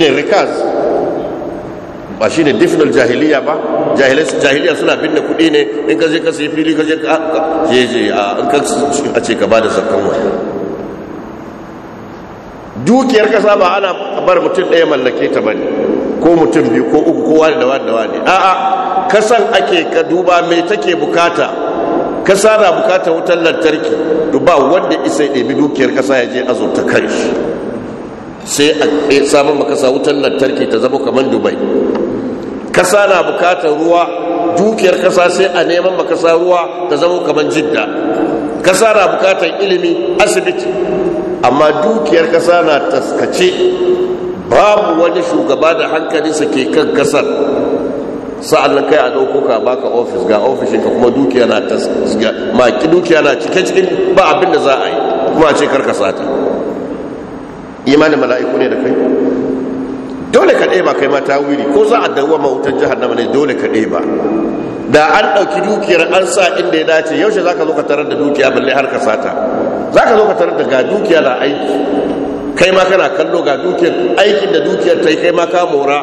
ne rikas ba shi ne difinal jahiliya ba jahiliya suna binne kuɗi ne in ka je ka sai fili ka je ka je a ce ka ba da zakkan wani dukiyar kasa ba ana bar mutum ɗaya mallake ta bane ko mutum biyu ko uku ko wani da wani da wani a'a kasan ake ka duba me take bukata kasa na bukata wutar lantarki duba wanda isa ɗebi dukiyar kasa ya je zo ta kai sai a eh, samun makasa wutar lantarki ta zama kamar dubai kasa na bukata ruwa dukiyar kasa sai a neman makasa ruwa ta zama kamar jidda kasa na bukatar ilimi asibiti amma dukiyar kasa na taskace babu wani shugaba da hankalinsa ke kan kasar sa'annan kai a ɗauko ka baka ofis ga ofishin ka kuma dukiya na ma ki dukiya na cike cikin ba abin da za a yi kuma a ce karka sata imanin mala'iku ne da kai dole ka ba kai mata wuri ko za a dawo mawutar nama ne dole ka ba da an ɗauki dukiyar an sa inda ya dace yaushe za ka zo ka tarar da dukiya balle har ka sata za ka zo ka tarar da ga dukiya na aiki kai ma kana kallo ga dukiyar aikin da dukiyar ta yi kai ma ka mora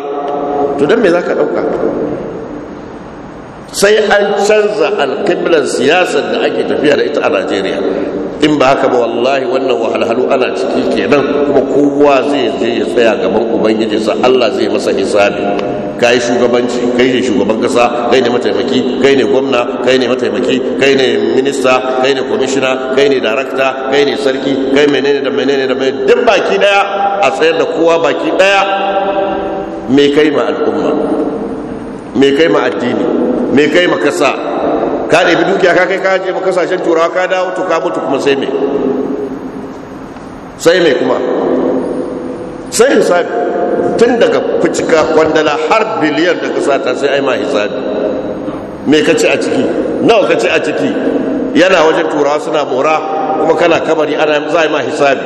to don me za ka ɗauka sai an canza alƙiblar siyasar da ake tafiya da ita a najeriya in ba haka ba wallahi wannan wahalhalu ana ciki kenan kuma kowa zai je ya tsaya gaban ubangiji sa Allah zai masa hisabi kai shugabanci kai ne shugaban kasa kai ne mataimaki kai ne gwamna kai ne mataimaki kai ne minista kai ne commissioner kai ne director kai ne sarki kai menene da menene da menene duk baki daya a tsayar da kowa baki daya me kai ma al'umma me kai ma addini me kai ma kasa ka ɗebi dukiya ka kai ka je ba kasashen turawa ka dawo to ka mutu kuma sai me sai me kuma sai hisabi tun daga fucika kwandala har biliyan da kasa ta sai aima ma hisabi me ka ci a ciki nawa ka ci a ciki yana wajen turawa suna mora kuma kana kabari ana za ma hisabi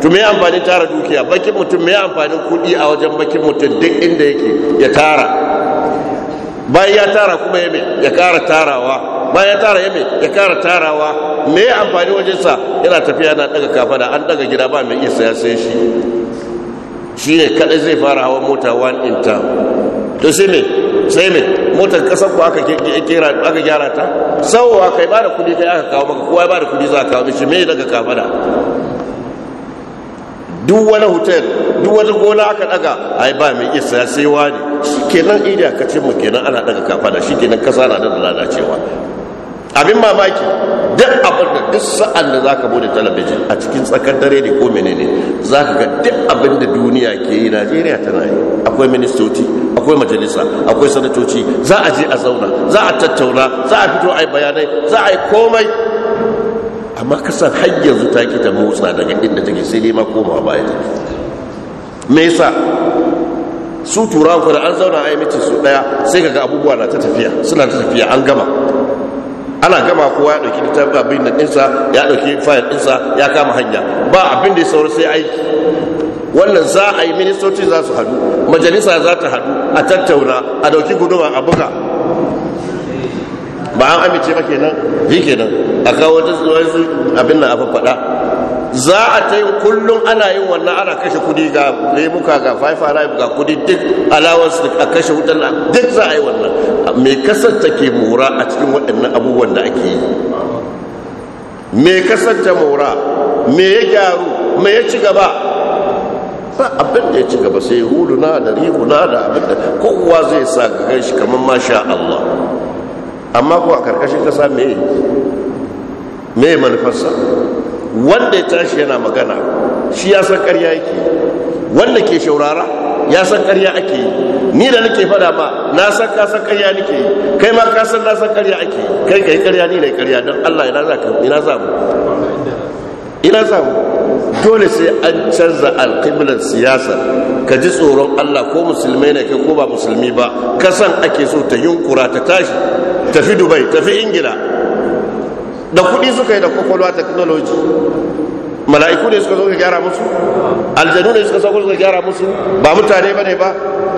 to me amfani tara dukiya bakin mutum me amfanin kuɗi a wajen bakin mutum duk inda yake ya tara bayan ya tara kuma ya mai ya kara tarawa bayan ya tara ya mai ya kara tarawa me ya amfani wajensa yana tafiya na daga kafada an daga gida ba mai iya saya sai shi shi ne kadai zai fara hawan mota one in town to sai me sai me motar kasar ku aka kira aka gyara ta sau aka yi ba da kudi kai aka kawo maka kowa ba da kudi za a kawo mishi me daga kafada duk wani hotel duk wani gona aka daga ai ba mai isa sai wani kenan Idiya ka ce mu kenan ana daga kafa da shi, kenan kasa na da lalacewa abin mamaki duk abin da duk sa'an da zaka bude talabijin a cikin tsakar dare ne ko menene zaka ga duk abin da duniya ke yi Najeriya tana yi akwai ministoci akwai majalisa akwai sanatoci za a je a zauna za a tattauna za a fito ai bayanai za a yi komai amma san har yanzu ta ki ta motsa daga inda take sai dai ma koma baya ta me yasa su turawa ku da an zauna a yi mitin su daya sai kaga abubuwa na ta tafiya suna ta tafiya an gama ana gama kowa ya dauki littafin abin da ɗinsa ya dauki fayil dinsa, ya kama hanya ba abin da ya sauri sai aiki wannan za a yi ministoci za su hadu majalisa za ta hadu a tattauna a dauki guduma a buga ba an amince ba kenan ji kenan a kawo wata abin nan a faɗa za a ta yin kullum ana yin wannan ana kashe kudi ga lemuka ga faifa alive ga kudi duk allowance a kashe wutan duk za a yi wannan mai kasar ke mora a cikin waɗannan abubuwan da ake yi mai kasar ta mora mai ya gyaru mai ya ci gaba ba abin da ya ci gaba sai huluna da rihuna da abin da kowa zai sa ga shi kamar masha Allah amma ko a karkashin kasa mai mai manufarsa wanda ya tashi yana magana shi ya san ƙarya yake wanda ke shaurara ya san ƙarya ake yi ni da nake fada ma na san ka san ƙarya nake yi kai ma ka san na san ƙarya ake yi kai ka yi ƙarya ni da ƙarya don Allah ina za ka ina za mu ina za mu dole sai an canza alƙiblar siyasa ka ji tsoron Allah ko musulmai ne ke ko ba musulmi ba kasan ake so ta yunkura ta tashi tafi dubai tafi ingila da kudi suka yi da kwakwalwa technology mala'iku ne suka zo ka gyara musu aljanu ne suka sauko suka gyara musu ba mutane ba ne ba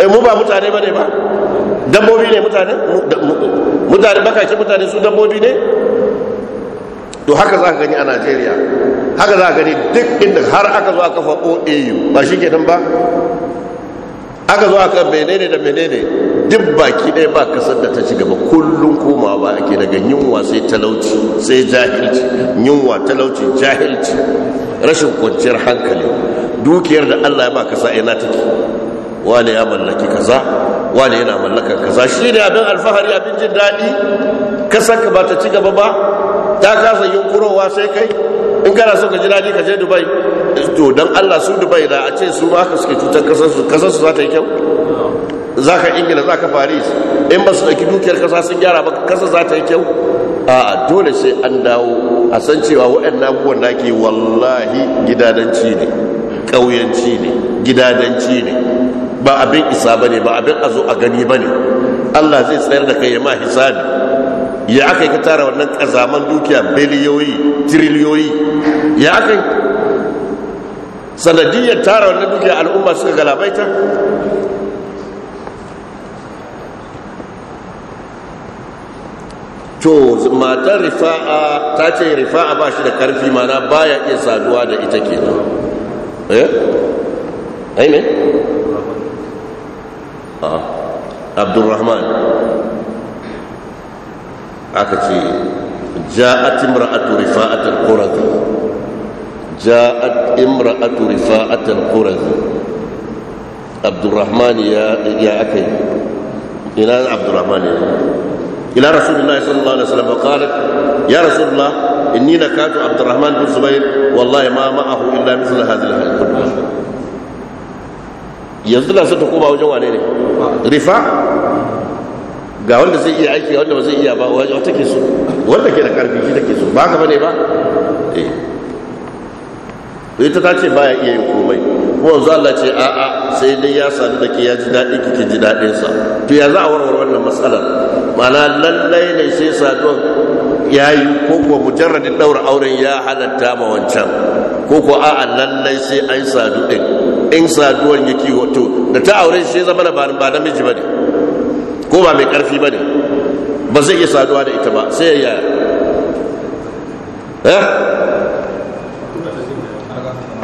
eh, mu ba mutane ba ne ba dabbobi ne mutane mutane bakake mutane su dabbobi ne to haka za ka gani a najeriya haka za ka gani duk inda har aka zo aka faɓo au ba shi nan ba aka zo aka menene da menene duk baki ɗaya ba kasar da ta ci gaba kullum koma ba ake daga yunwa sai talauci sai jahilci yunwa talauci jahilci rashin kwanciyar hankali dukiyar da allah ya ba kasa ina take wani ya mallaki kaza wani yana mallakan kaza shi ne abin alfahari abin jin daɗi kasar ka ba ta ci gaba ba ta kasa yunkurowa sai kai in kana so ka ji daɗi ka je dubai to don allah su dubai da a ce su ba ka suke cutar kasarsu kasarsu za ta yi kyau za ka ingila za ka paris in ba su ɗauki dukiyar kasa sun gyara ba kasar za ta yi kyau a dole sai an dawo a san cewa waɗannan abubuwan da ake wallahi gidadanci ne ƙauyanci ne gidadanci ne ba abin isa ba ne ba abin a zo a gani ba ne allah zai tsayar da kai ya ma hisabi ya aka yi ka tara wannan ƙazaman dukiya biliyoyi tiriliyoyi ya kai sanadiyyar tara wannan dukiyar al'umma suka galabaita to matar rifa'a ta ce rifa'a ba shi da karfi mana baya iya saduwa da ita ke nan eh aime ah, abdurrahman aka ce ja'at imra'atu rifa'atul al جاءت امرأة رفاعة القرزي عبد الرحمن يا يا أكي إلى عبد الرحمن يا إلى رسول الله صلى الله عليه وسلم فقالت يا رسول الله إني لكات عبد الرحمن بن زبير والله ما معه إلا مثل هذه القربة yanzu na ta koma wajen wane ne rifa ga wanda zai iya aiki wanda ba zai iya ba wata ke so wanda ke da karfi shi take so ba ka bane ba eh to ita ta ce ya iya yin komai kuma wanzu Allah ce a'a sai dai ya sadu da ke ya ji daɗi kike ji daɗin sa to ya za a warware wannan matsalar ma'ana lallai ne sai saduwar ya yi ko kuwa mujarradin ɗaura auren ya halatta ma wancan ko kuwa a'a lallai sai an sadu ɗin in saduwan ki wato da ta aure shi zama ba namiji ba ne ko ba mai ƙarfi ba ne ba zai iya saduwa da ita ba sai ya yi eh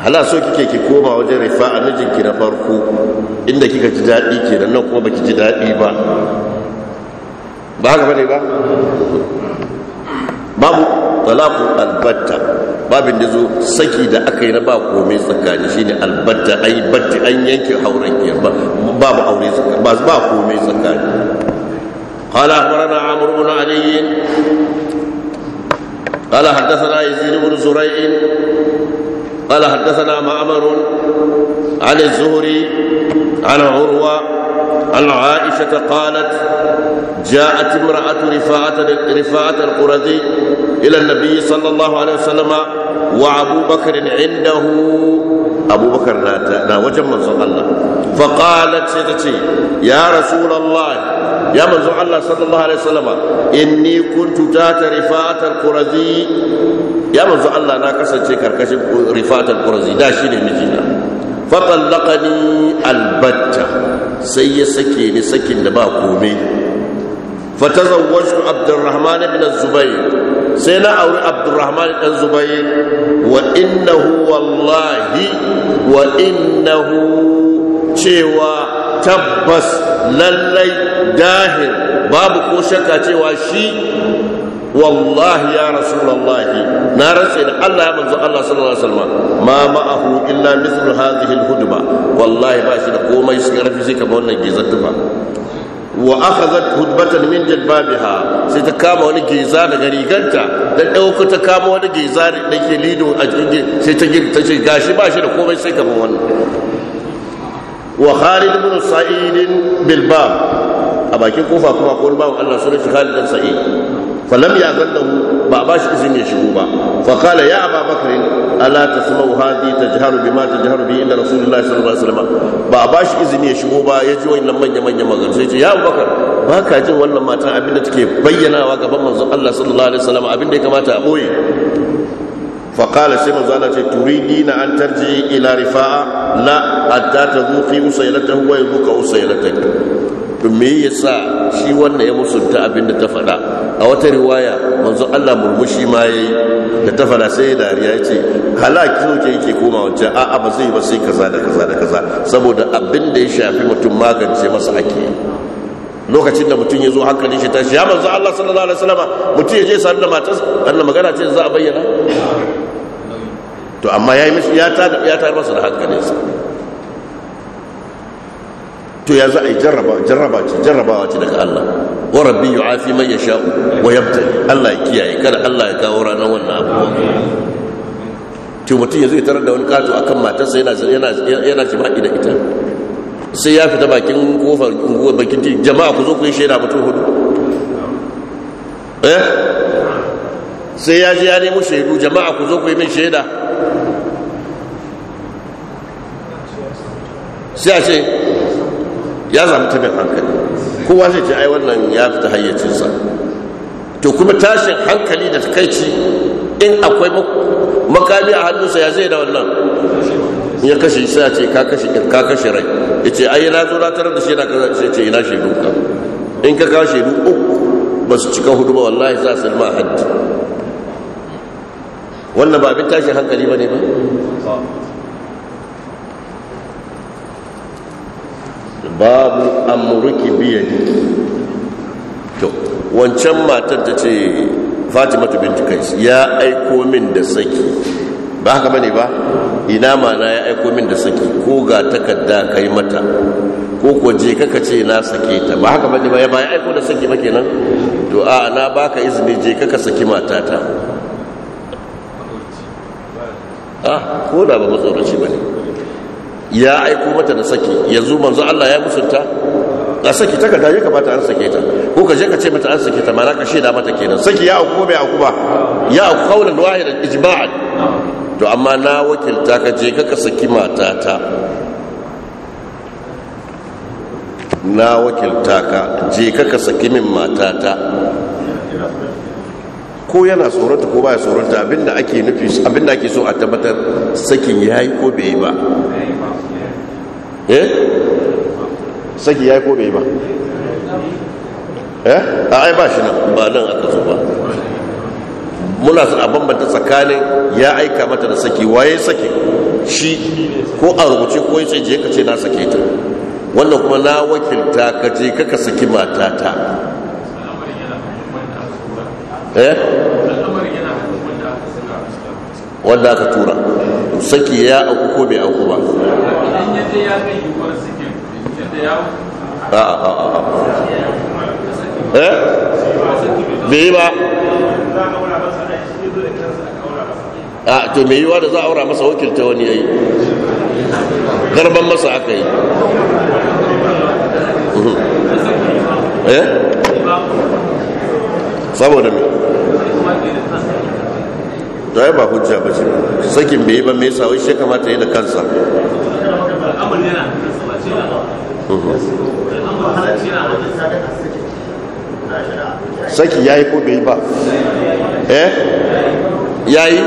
hala so kike ki koma wajen rifa'a mijinki na farko inda kika ji daɗi ke nan kuma baki ji daɗi ba ba haka bane ba babu talaqu albatta babin da zo saki da aka yi na ba komai tsakani shine albatta ai batti an yanke hauren ke ba babu aure tsakani ba ba komai tsakani qala akhbarana amr ibn ali qala hadathana yazid ibn zurayh قال حدثنا معمر عن الزهري عن عروة عن عائشة قالت جاءت امرأة رفاعة رفاعة القرذي إلى النبي صلى الله عليه وسلم وأبو بكر عنده أبو بكر لا وجه من الله فقالت سيدتي يا رسول الله يا من الله صلى الله عليه وسلم إني كنت ذات رفاعة القرذي ya manzo Allah na kasance karkashin rifatal qurzi da shine mijina fa tallaqani albatta sai ya sake ni sakin da ba komai fa abdurrahman ibn zubayr sai na auri abdurrahman ibn zubayr wa innahu wallahi wa innahu cewa tabbas lallai dahir babu ko shakka cewa shi wallahi ya rasulullahi na rantsa da Allah ya manzo Allah sallallahu alaihi wasallam ma ma'ahu illa mithlu hadhihi alhudba wallahi ba shi da komai shi karfi sai kamar wannan tufa wa akhadhat hudbatan min jilbabiha sai ta kama wani geza daga riganta da dauko ta kama wani geza da ke lido a jirgin sai ta gir ba shi da komai sai wa sa'id a bakin kofa kuma ko bawan Allah sunan shi sa'id falam ya zannahu ba ba shi izini ya shigo ba fa qala ya aba bakr ala tasma'u hadi tajharu bima tajharu bi inda rasulullahi sallallahu alaihi wasallam ba ba shi izini ya shigo ba ya ji wannan manya manya magana sai ce ya abubakar ba ka jin wannan matan abin da take bayyanawa gaban manzon Allah sallallahu abin da ya kamata a boye فقال سيما زالت تريدين أن ترجعي إلى رفاعة لا حتى تذوقي أسيلته ويذوق أسيلتك me yasa shi wannan ya musunta abin da ta faɗa a wata riwaya manzo Allah murmushi ma yayi da ta fara sai dariya yace halaki so ke yake koma a a'a ba zai ba sai kaza da kaza da kaza saboda abin da ya shafi mutum magance masa ake lokacin da mutum ya zo hankalin shi tashi ya manzo Allah sallallahu alaihi wasallam mutum ya je sadu da matarsa Allah magana ce za a bayyana to amma ya yi mishi ya ta ya ta masa da hankalinsa to ya za a yi jarraba ce jarrabawa ce daga Allah wa rabbi yu'afi man yasha'u wa yabta Allah ya kiyaye kada Allah ya kawo ranar wannan abubuwa to mutum ya zai tarar da wani kato akan matarsa yana yana yana jima'i da ita sai ya fita bakin kofar unguwar bakin ji jama'a ku zo ku yi shaida mutum hudu eh sai ya ji ya nemo shaidu jama'a ku zo ku yi min shaida sai a ce ya zama tabin hankali kowa zai ce ai wannan ya fita hayyacinsa to kuma tashin hankali da takaici in akwai makami a hannunsa ya zai da wannan ya kashe sai ce ka kashe ka kashe rai ya ce ai na zo na tarar da shi na kaza sai ce ina shaidu ka in ka kashe shaidu uku ba su cika hudu ba wallahi za su ma haddi wannan ba abin tashin hankali ba ne ba babu amurki biyadi to wancan matar ta ce ta binti kais ya aiko min da saki ba haka bane ba ina mana ya aiko min da saki ko ga takarda kai mata ko ko je kaka ce na sake ta ba haka bane ba ya ba ya aiko da saki ba kenan to a na baka izini je kaka saki matata ah ko da ba matsoraci bane ya aiko mata da saki yanzu manzo Allah ya musunta a saki ta kada ya kamata an sake ta ko ka je ka ce mata an sake ta mana ka shaida mata kenan saki ya auku bai auku ba ya auku kaulan wahidan ijma'an to amma na wakilta ka je ka saki matata na wakilta ka je ka saki min matata ko yana tsoronta ko baya tsoronta abinda ake nufi abinda ake so a tabbatar sakin yayi ko bai yi ba eh saki ya yi ko bai ba eh a ai ba shi na ba nan aka zo ba muna a bambanta tsakanin ya aika mata da saki waye saki shi ko a rubuce ko ce je ka ce na sake ta wannan kuma na wakilta ka je kaka saki matata eh wanda aka tura saki ya auku ko bai auku ba eh? bai ba a to mai yiwa da za a aura masa wakilta wani yayi garban masa aka yi eh? saboda mai to ai ba hujja ba ce sakin bai yi ba mai yasa shi kamata yi da kansa saki ya yi ko bai ba eh yi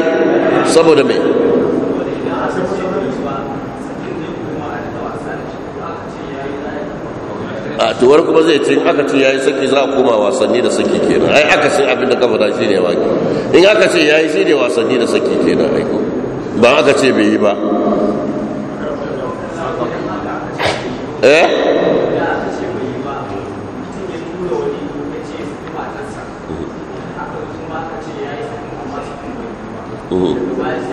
saboda me a to wani kuma zai ce aka ce yayi saki za a koma wasanni da saki kenan ai aka ce abin da kafa shi ne waki in aka ce yayi shi ne wasanni da saki kenan ai ko ba aka ce bai yi ba eh Mm-hmm. mm-hmm.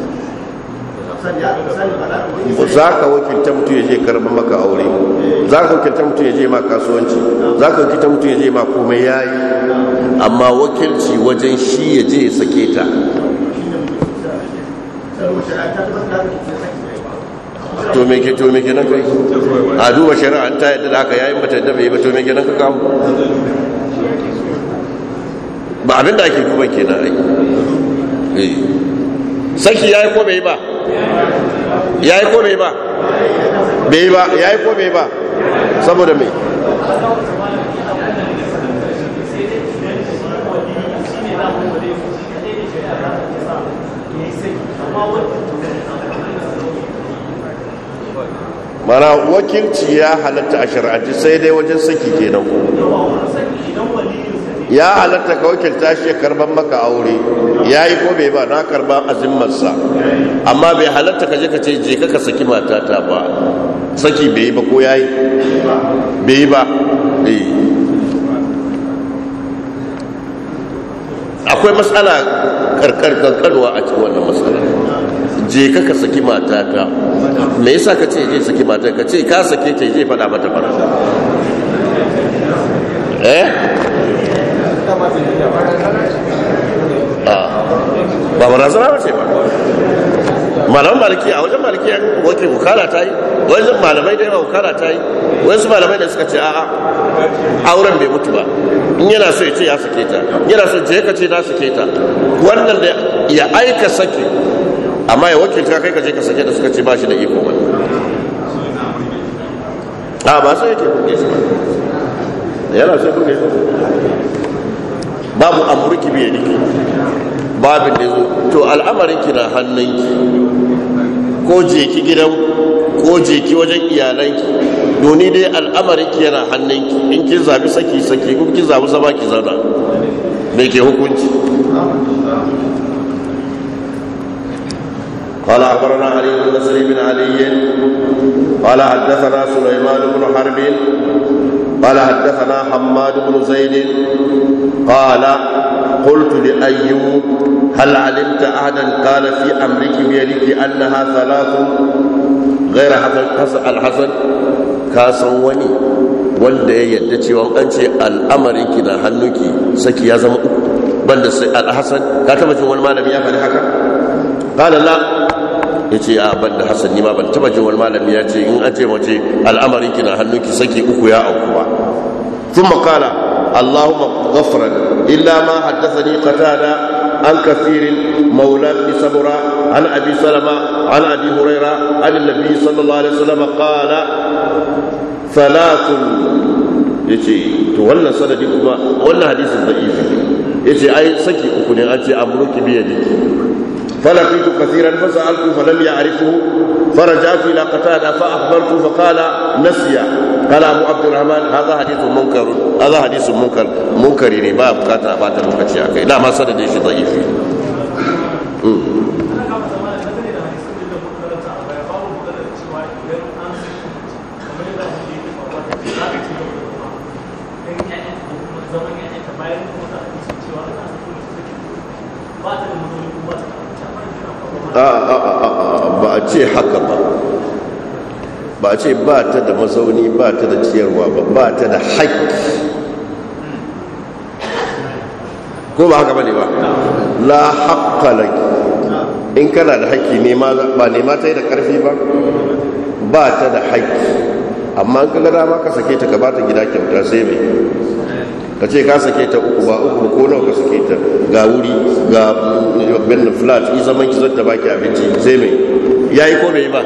za ka wakilta mutum ya je karba maka aure za ka wakilta mutum ya je ma kasuwanci za ka wakilta mutum ya je ma komai ya yi amma wakilci wajen shi ya je ya sake ta to me ke to me ke nan kai a duba shari'a ta yadda da aka yayin bata yadda bai ba to me ke nan ka kawo ba abin da ake duba kenan ai eh. saki yayi ko bai ba ya yi ko mai ba bai ba ya yi ko mai ba saboda mai mana wakilci ya halatta a shari'a sai dai wajen saki ke nan ya halatta ka wakilta shi ya karban maka aure ya yi ko bai ba na karba azimmarsa amma bai halatta ka je ka ce je ka saki matata ba saki bai yi ba ko ya yi bai yi ba bai akwai matsala kankanwa a cikin wannan matsala je ka ka saki matata me yasa ka ce je saki matata ka ce ka sake ta je faɗa mata fara eh Ah, ba barazana ba ce ba malaman maliki a wajen maliki ya wake wukala ta yi wajen malamai da yawa wukala ta yi wajen malamai da suka ce a'a auren bai mutu ba in yana so ya ce ya sake ta yana so je ka ce na sake ta wannan da ya aika sake amma ya ta kai ka je ka sake da suka ce ba shi da iko ba a ah, ba sai yake kuke shi ba yana so kuke shi babu amurki bai dike babin da zo to al'amarin ki na hannunki ko je ki gidan ko je ki wajen iyalanki doni dai al'amarin ki yana hannunki in kin zabi saki saki ko kin zabi zama ki zauna me ke hukunci قال اخبرنا علي بن نصر بن علي قال حدثنا سليمان بن حرب قال حدثنا حماد بن زيد قال قلت لأيوب هل علمت أحدا قال في أمرك بيدك أنها ثلاث غير حسن الحسن كاسن وني wanda ya yadda cewa an ce al'amarinki na hannunki saki ya zama uku banda sai alhassan ka taba jin wani malami ya faɗi haka qala la ce a banda hassan ni ma ban taba jin wani malami ya ce in an ce mace al'amarinki na hannunki saki uku ya auku ba thumma qala allahumma ظفرا إلا ما حدثني قتادة عن كثير مولى بن سبرة عن أبي سلمة عن أبي هريرة عن النبي صلى الله عليه وسلم قال ثلاث يجي تولى سندي كما ولا حديث ضعيف يجي أي سكي أكوني أنت أمرك بيدك فلقيت كثيرا فسألت فلم يعرفه فرجعت إلى قتادة فأخبرته فقال نسي قال ابو عبد الرحمن هذا حديث منكر هذا حديث منكر منكر ne ba bukata a bata lokaci a kai dama sanadin shi da'ifi ba a ce haka ba ba ce ba ta da mazauni ba ta da ciyarwa ba ba ta da haiki ko ba haka bane ba la haƙƙa laki in kana da haƙƙi ba nema ta yi da ƙarfi ba ba ta da haƙƙi amma an kaga dama ka sake ta ka ba ta gida kyauta sai mai ka ce ka sake ta uku ba uku ko nawa ka sake ta ga wuri ga benin flat yi zaman ki zan ta baki abinci sai mai ya yi ko ba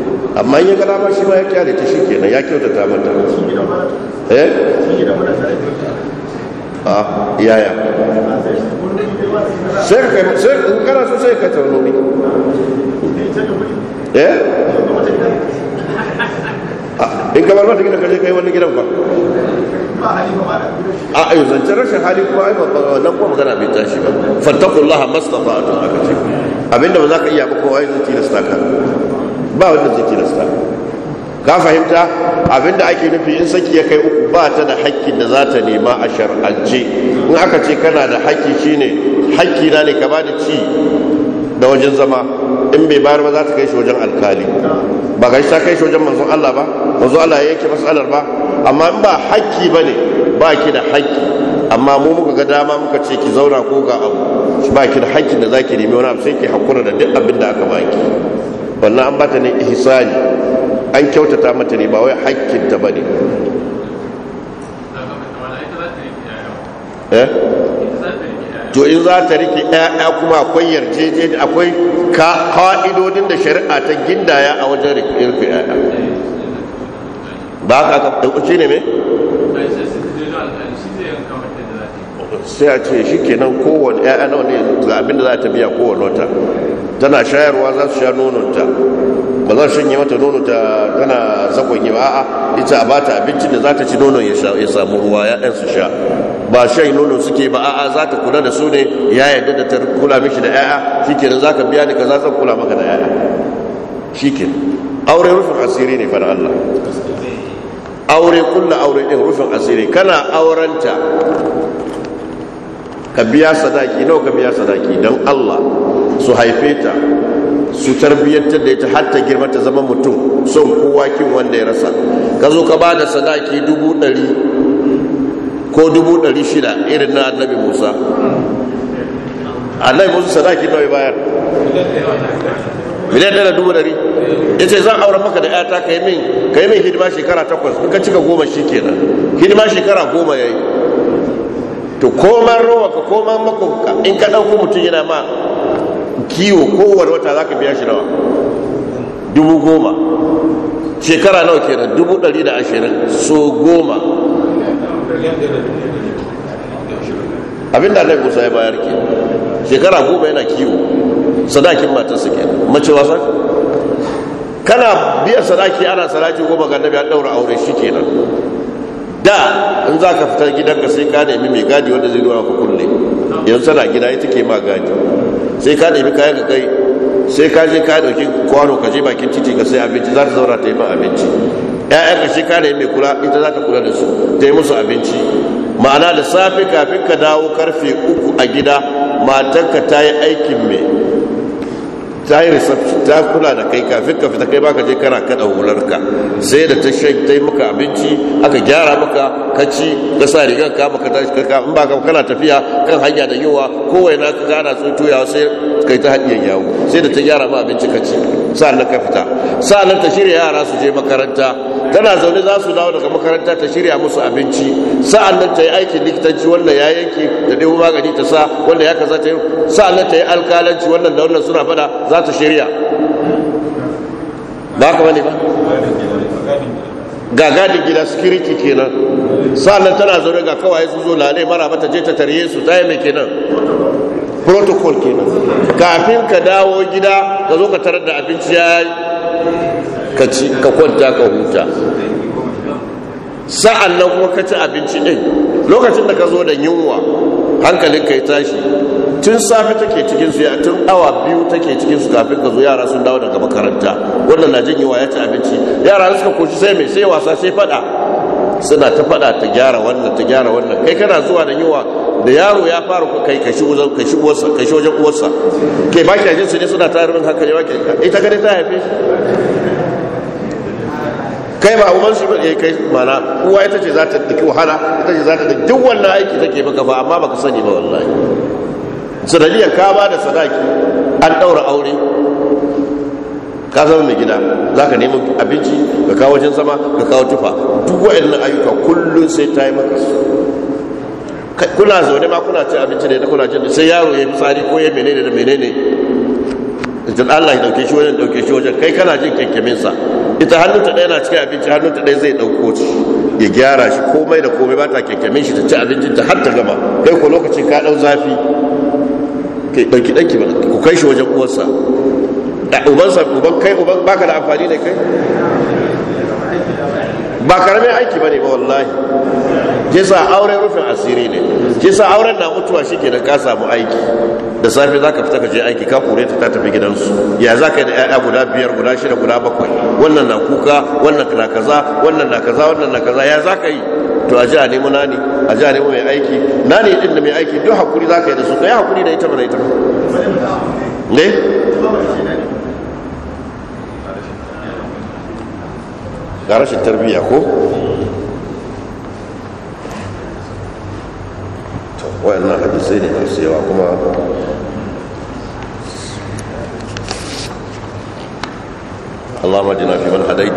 amma yin gana ga shi ma ya kyale ta shi kenan ya kyautata mata eh? a ah, yaya sai ka sai in kana so sai ka taunomi eh ah, in kamar mata gina kaje kai wani gidan ba a ah, ayo zancen rashin hali kuma ai nan kuma magana bai tashi ba fattakullaha mastata'atu aka ce abinda ba za ka iya ba kowa ya zanci da staka ba wanda zai tilasta ka fahimta abinda ake nufi in saki ya kai uku ba ta da haƙƙin da za ta nema a shar'ance in aka ce kana da haƙƙi shine haƙƙi na ne ka da ci da wajen zama in bai bayar ba za ta kai shi wajen alkali ba ga ta kai shi wajen manzon Allah ba manzon Allah ya yake matsalar ba amma in ba haƙƙi ba ne ba ki da haƙƙi amma mu muka ga dama muka ce ki zauna ko ga abu ba ki da haƙƙin da za ki nemi wani abu sai ki hakura da duk abin da aka baki wannan an bata ne ihsani an kyautata mata ne ba wai hakkin ta bane eh to in za ta rike ƴaƴa kuma akwai yarjeje akwai ka'idodin da shari'a ta gindaya a wajen rike ƴaƴa ba ka ka ne me sai a ce shi ke nan kowane ya'ya nawa ne ga abin da za ta biya kowane wata tana shayarwa za su sha nononta ba za su shanye mata nononta tana yi ba a'a ita a bata abincin da za ta ci nonon ya samu ruwa ya'yan su sha ba shan nono suke ba a'a za ta kula da su ne ya yadda da ta kula mishi da ya'ya shi ke nan za ka biya ni ka za zan kula maka da ya'ya shi ke aure rufin asiri ne fara Allah aure kulla aure din rufin asiri kana aurenta ka biya sadaki nawa ka biya sadaki don Allah su haife ta su tarbiyyanta da ita har ta girma ta zama mutum son kowa kin wanda ya rasa ka zo ka ba sadaki dubu ɗari ko dubu ɗari shida irin na annabi musa annabi musa sadaki nawa ya bayar miliyan ɗaya da dubu ɗari ya ce zan aure maka da ƴata ka yi min hidima shekara takwas in ka cika goma shi kenan hidima shekara goma ya yi to koman rowa ka koman mako in ka ɗauko mutum yana ma kiwo kowar wata za ka biya shi rawa dubu goma shekara nawa kenan dubu ɗari da ashirin so goma abin da annabi musa ya bayar ke shekara goma yana kiwo sadakin su ke mace wasa kana biyan sadaki ana sadaki goma ga nabi an daura aure shi kenan da in za ka fitar gidanka sai ka nemi mai gadi wanda zai nuna ku kulle yanzu tana gida ita ke ma gadi sai ka nemi kayan ka kai sai ka je ka dauki kwano ka je bakin titi ka sai abinci za ta zauna ta yi ma abinci ya'yan ka shi ka nemi mai kula ita za ta kula da su ta yi musu abinci ma'ana da safe kafin ka dawo karfe uku a gida matanka ta yi aikin mai ta yi ta kula da kai kafin ka fita kai baka je kana kada hularka sai da ta shai maka abinci aka gyara maka ka ci ka sa rigar ka maka shi ka in baka kana tafiya kan hanya da yawa kowai na ka gana sun tuyawa sai kai ta hadiyan yawo sai da ta gyara ma abinci ka ci sa'an ka fita sa'an ta shirya yara su je makaranta tana zaune za su dawo daga makaranta ta shirya musu abinci sa'an nan ta yi aikin likitanci wannan ya yanke da ɗebo magani ta sa wanda ya kaza ta yi sa'an nan ta yi alkalanci wannan da wannan suna fada za ta shirya ba ka bane ba ga gadin gida sikiriti kenan sa'an nan tana zaune ga kawai su zo lalai mara mata je ta tarye su ta yi mai kenan protocol kenan kafin ka dawo gida ka zo ka tarar da abinci ya yi ka ci ka kwanta ka huta sa'an nan kuma ka ci abinci ɗin lokacin da ka zo da yunwa hankalin ka ya tashi tun safe take cikin su ya tun awa biyu take cikin su kafin ka zo yara sun dawo daga makaranta wannan na jin yunwa ya ci abinci yara suka kunshi sai mai sai wasa sai fada suna ta fada ta gyara wannan ta gyara wannan kai kana zuwa da yunwa da yaro ya fara kai kashi wajen kashi uwarsa kashi wajen uwarsa ke ba kyajin su ne suna tarihin hankali ba ita gani ta haife shi kai ba uban su ya kai mana uwa ita ce za ta daki wahala ita ce za ta daki duk wannan aiki take maka ba amma baka sani ba wallahi sanadiyar ka ba da sadaki an daura aure ka zama mai gida za ka nemi abinci ka kawo wajen sama ka kawo tufa duk waɗannan ayyuka kullum sai ta yi maka kuna zaune ma kuna cin abinci ne da kuna jin sai yaro ya yi fitsari ko ya menene da menene da Allah ya dauke shi wajen dauke shi wajen kai kana jin kyakkyamin sa ita hannunta ɗaya na cikin abinci hannunta ɗaya zai dauko shi ya gyara shi komai da komai ba ta kyakkyamin shi ta ci abincin ta har ta gama kai ko lokacin ka dau zafi kai dauki danki ba ku kai shi wajen uwarsa da sa uban kai uban baka da amfani da kai ba karamin aiki bane ba wallahi kisa auren rufin asiri ne kisa auren na mutuwa shi kenan ka samu aiki da safe za ka fita ka je aiki ka kure ta tafi gidansu ya za ka yi da 'ya'ya guda biyar guda shida guda bakwai wannan na kuka wannan na kaza wannan na kaza wannan na kaza ya za ka yi to a ji a nemi nani a ji a nemi mai aiki nani din da mai aiki duk hakuri za ka yi da su kai hakuri da ita ba da ita ne ga rashin tarbiyya ko wayannan hadisai ne masu yawa kuma اللهم اهدنا فيمن هديت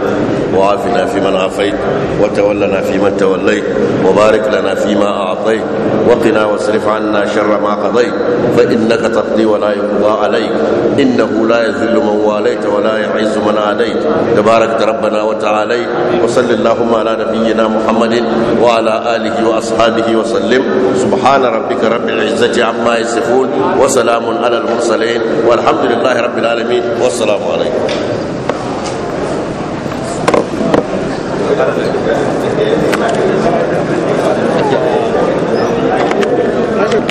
وعافنا فيمن عافيت وتولنا فيمن توليت وبارك لنا فيما أعطيت وقنا واصرف عنا شر ما قضيت فإنك تقضي ولا يقضى عليك إنه لا يذل من واليت ولا يعز من عليت تبارك ربنا وتعالي وصل اللهم على نبينا محمد وعلى آله وأصحابه وسلم سبحان ربك رب العزة عما يصفون وسلام على المرسلين والحمد لله رب العالمين والسلام عليكم para de la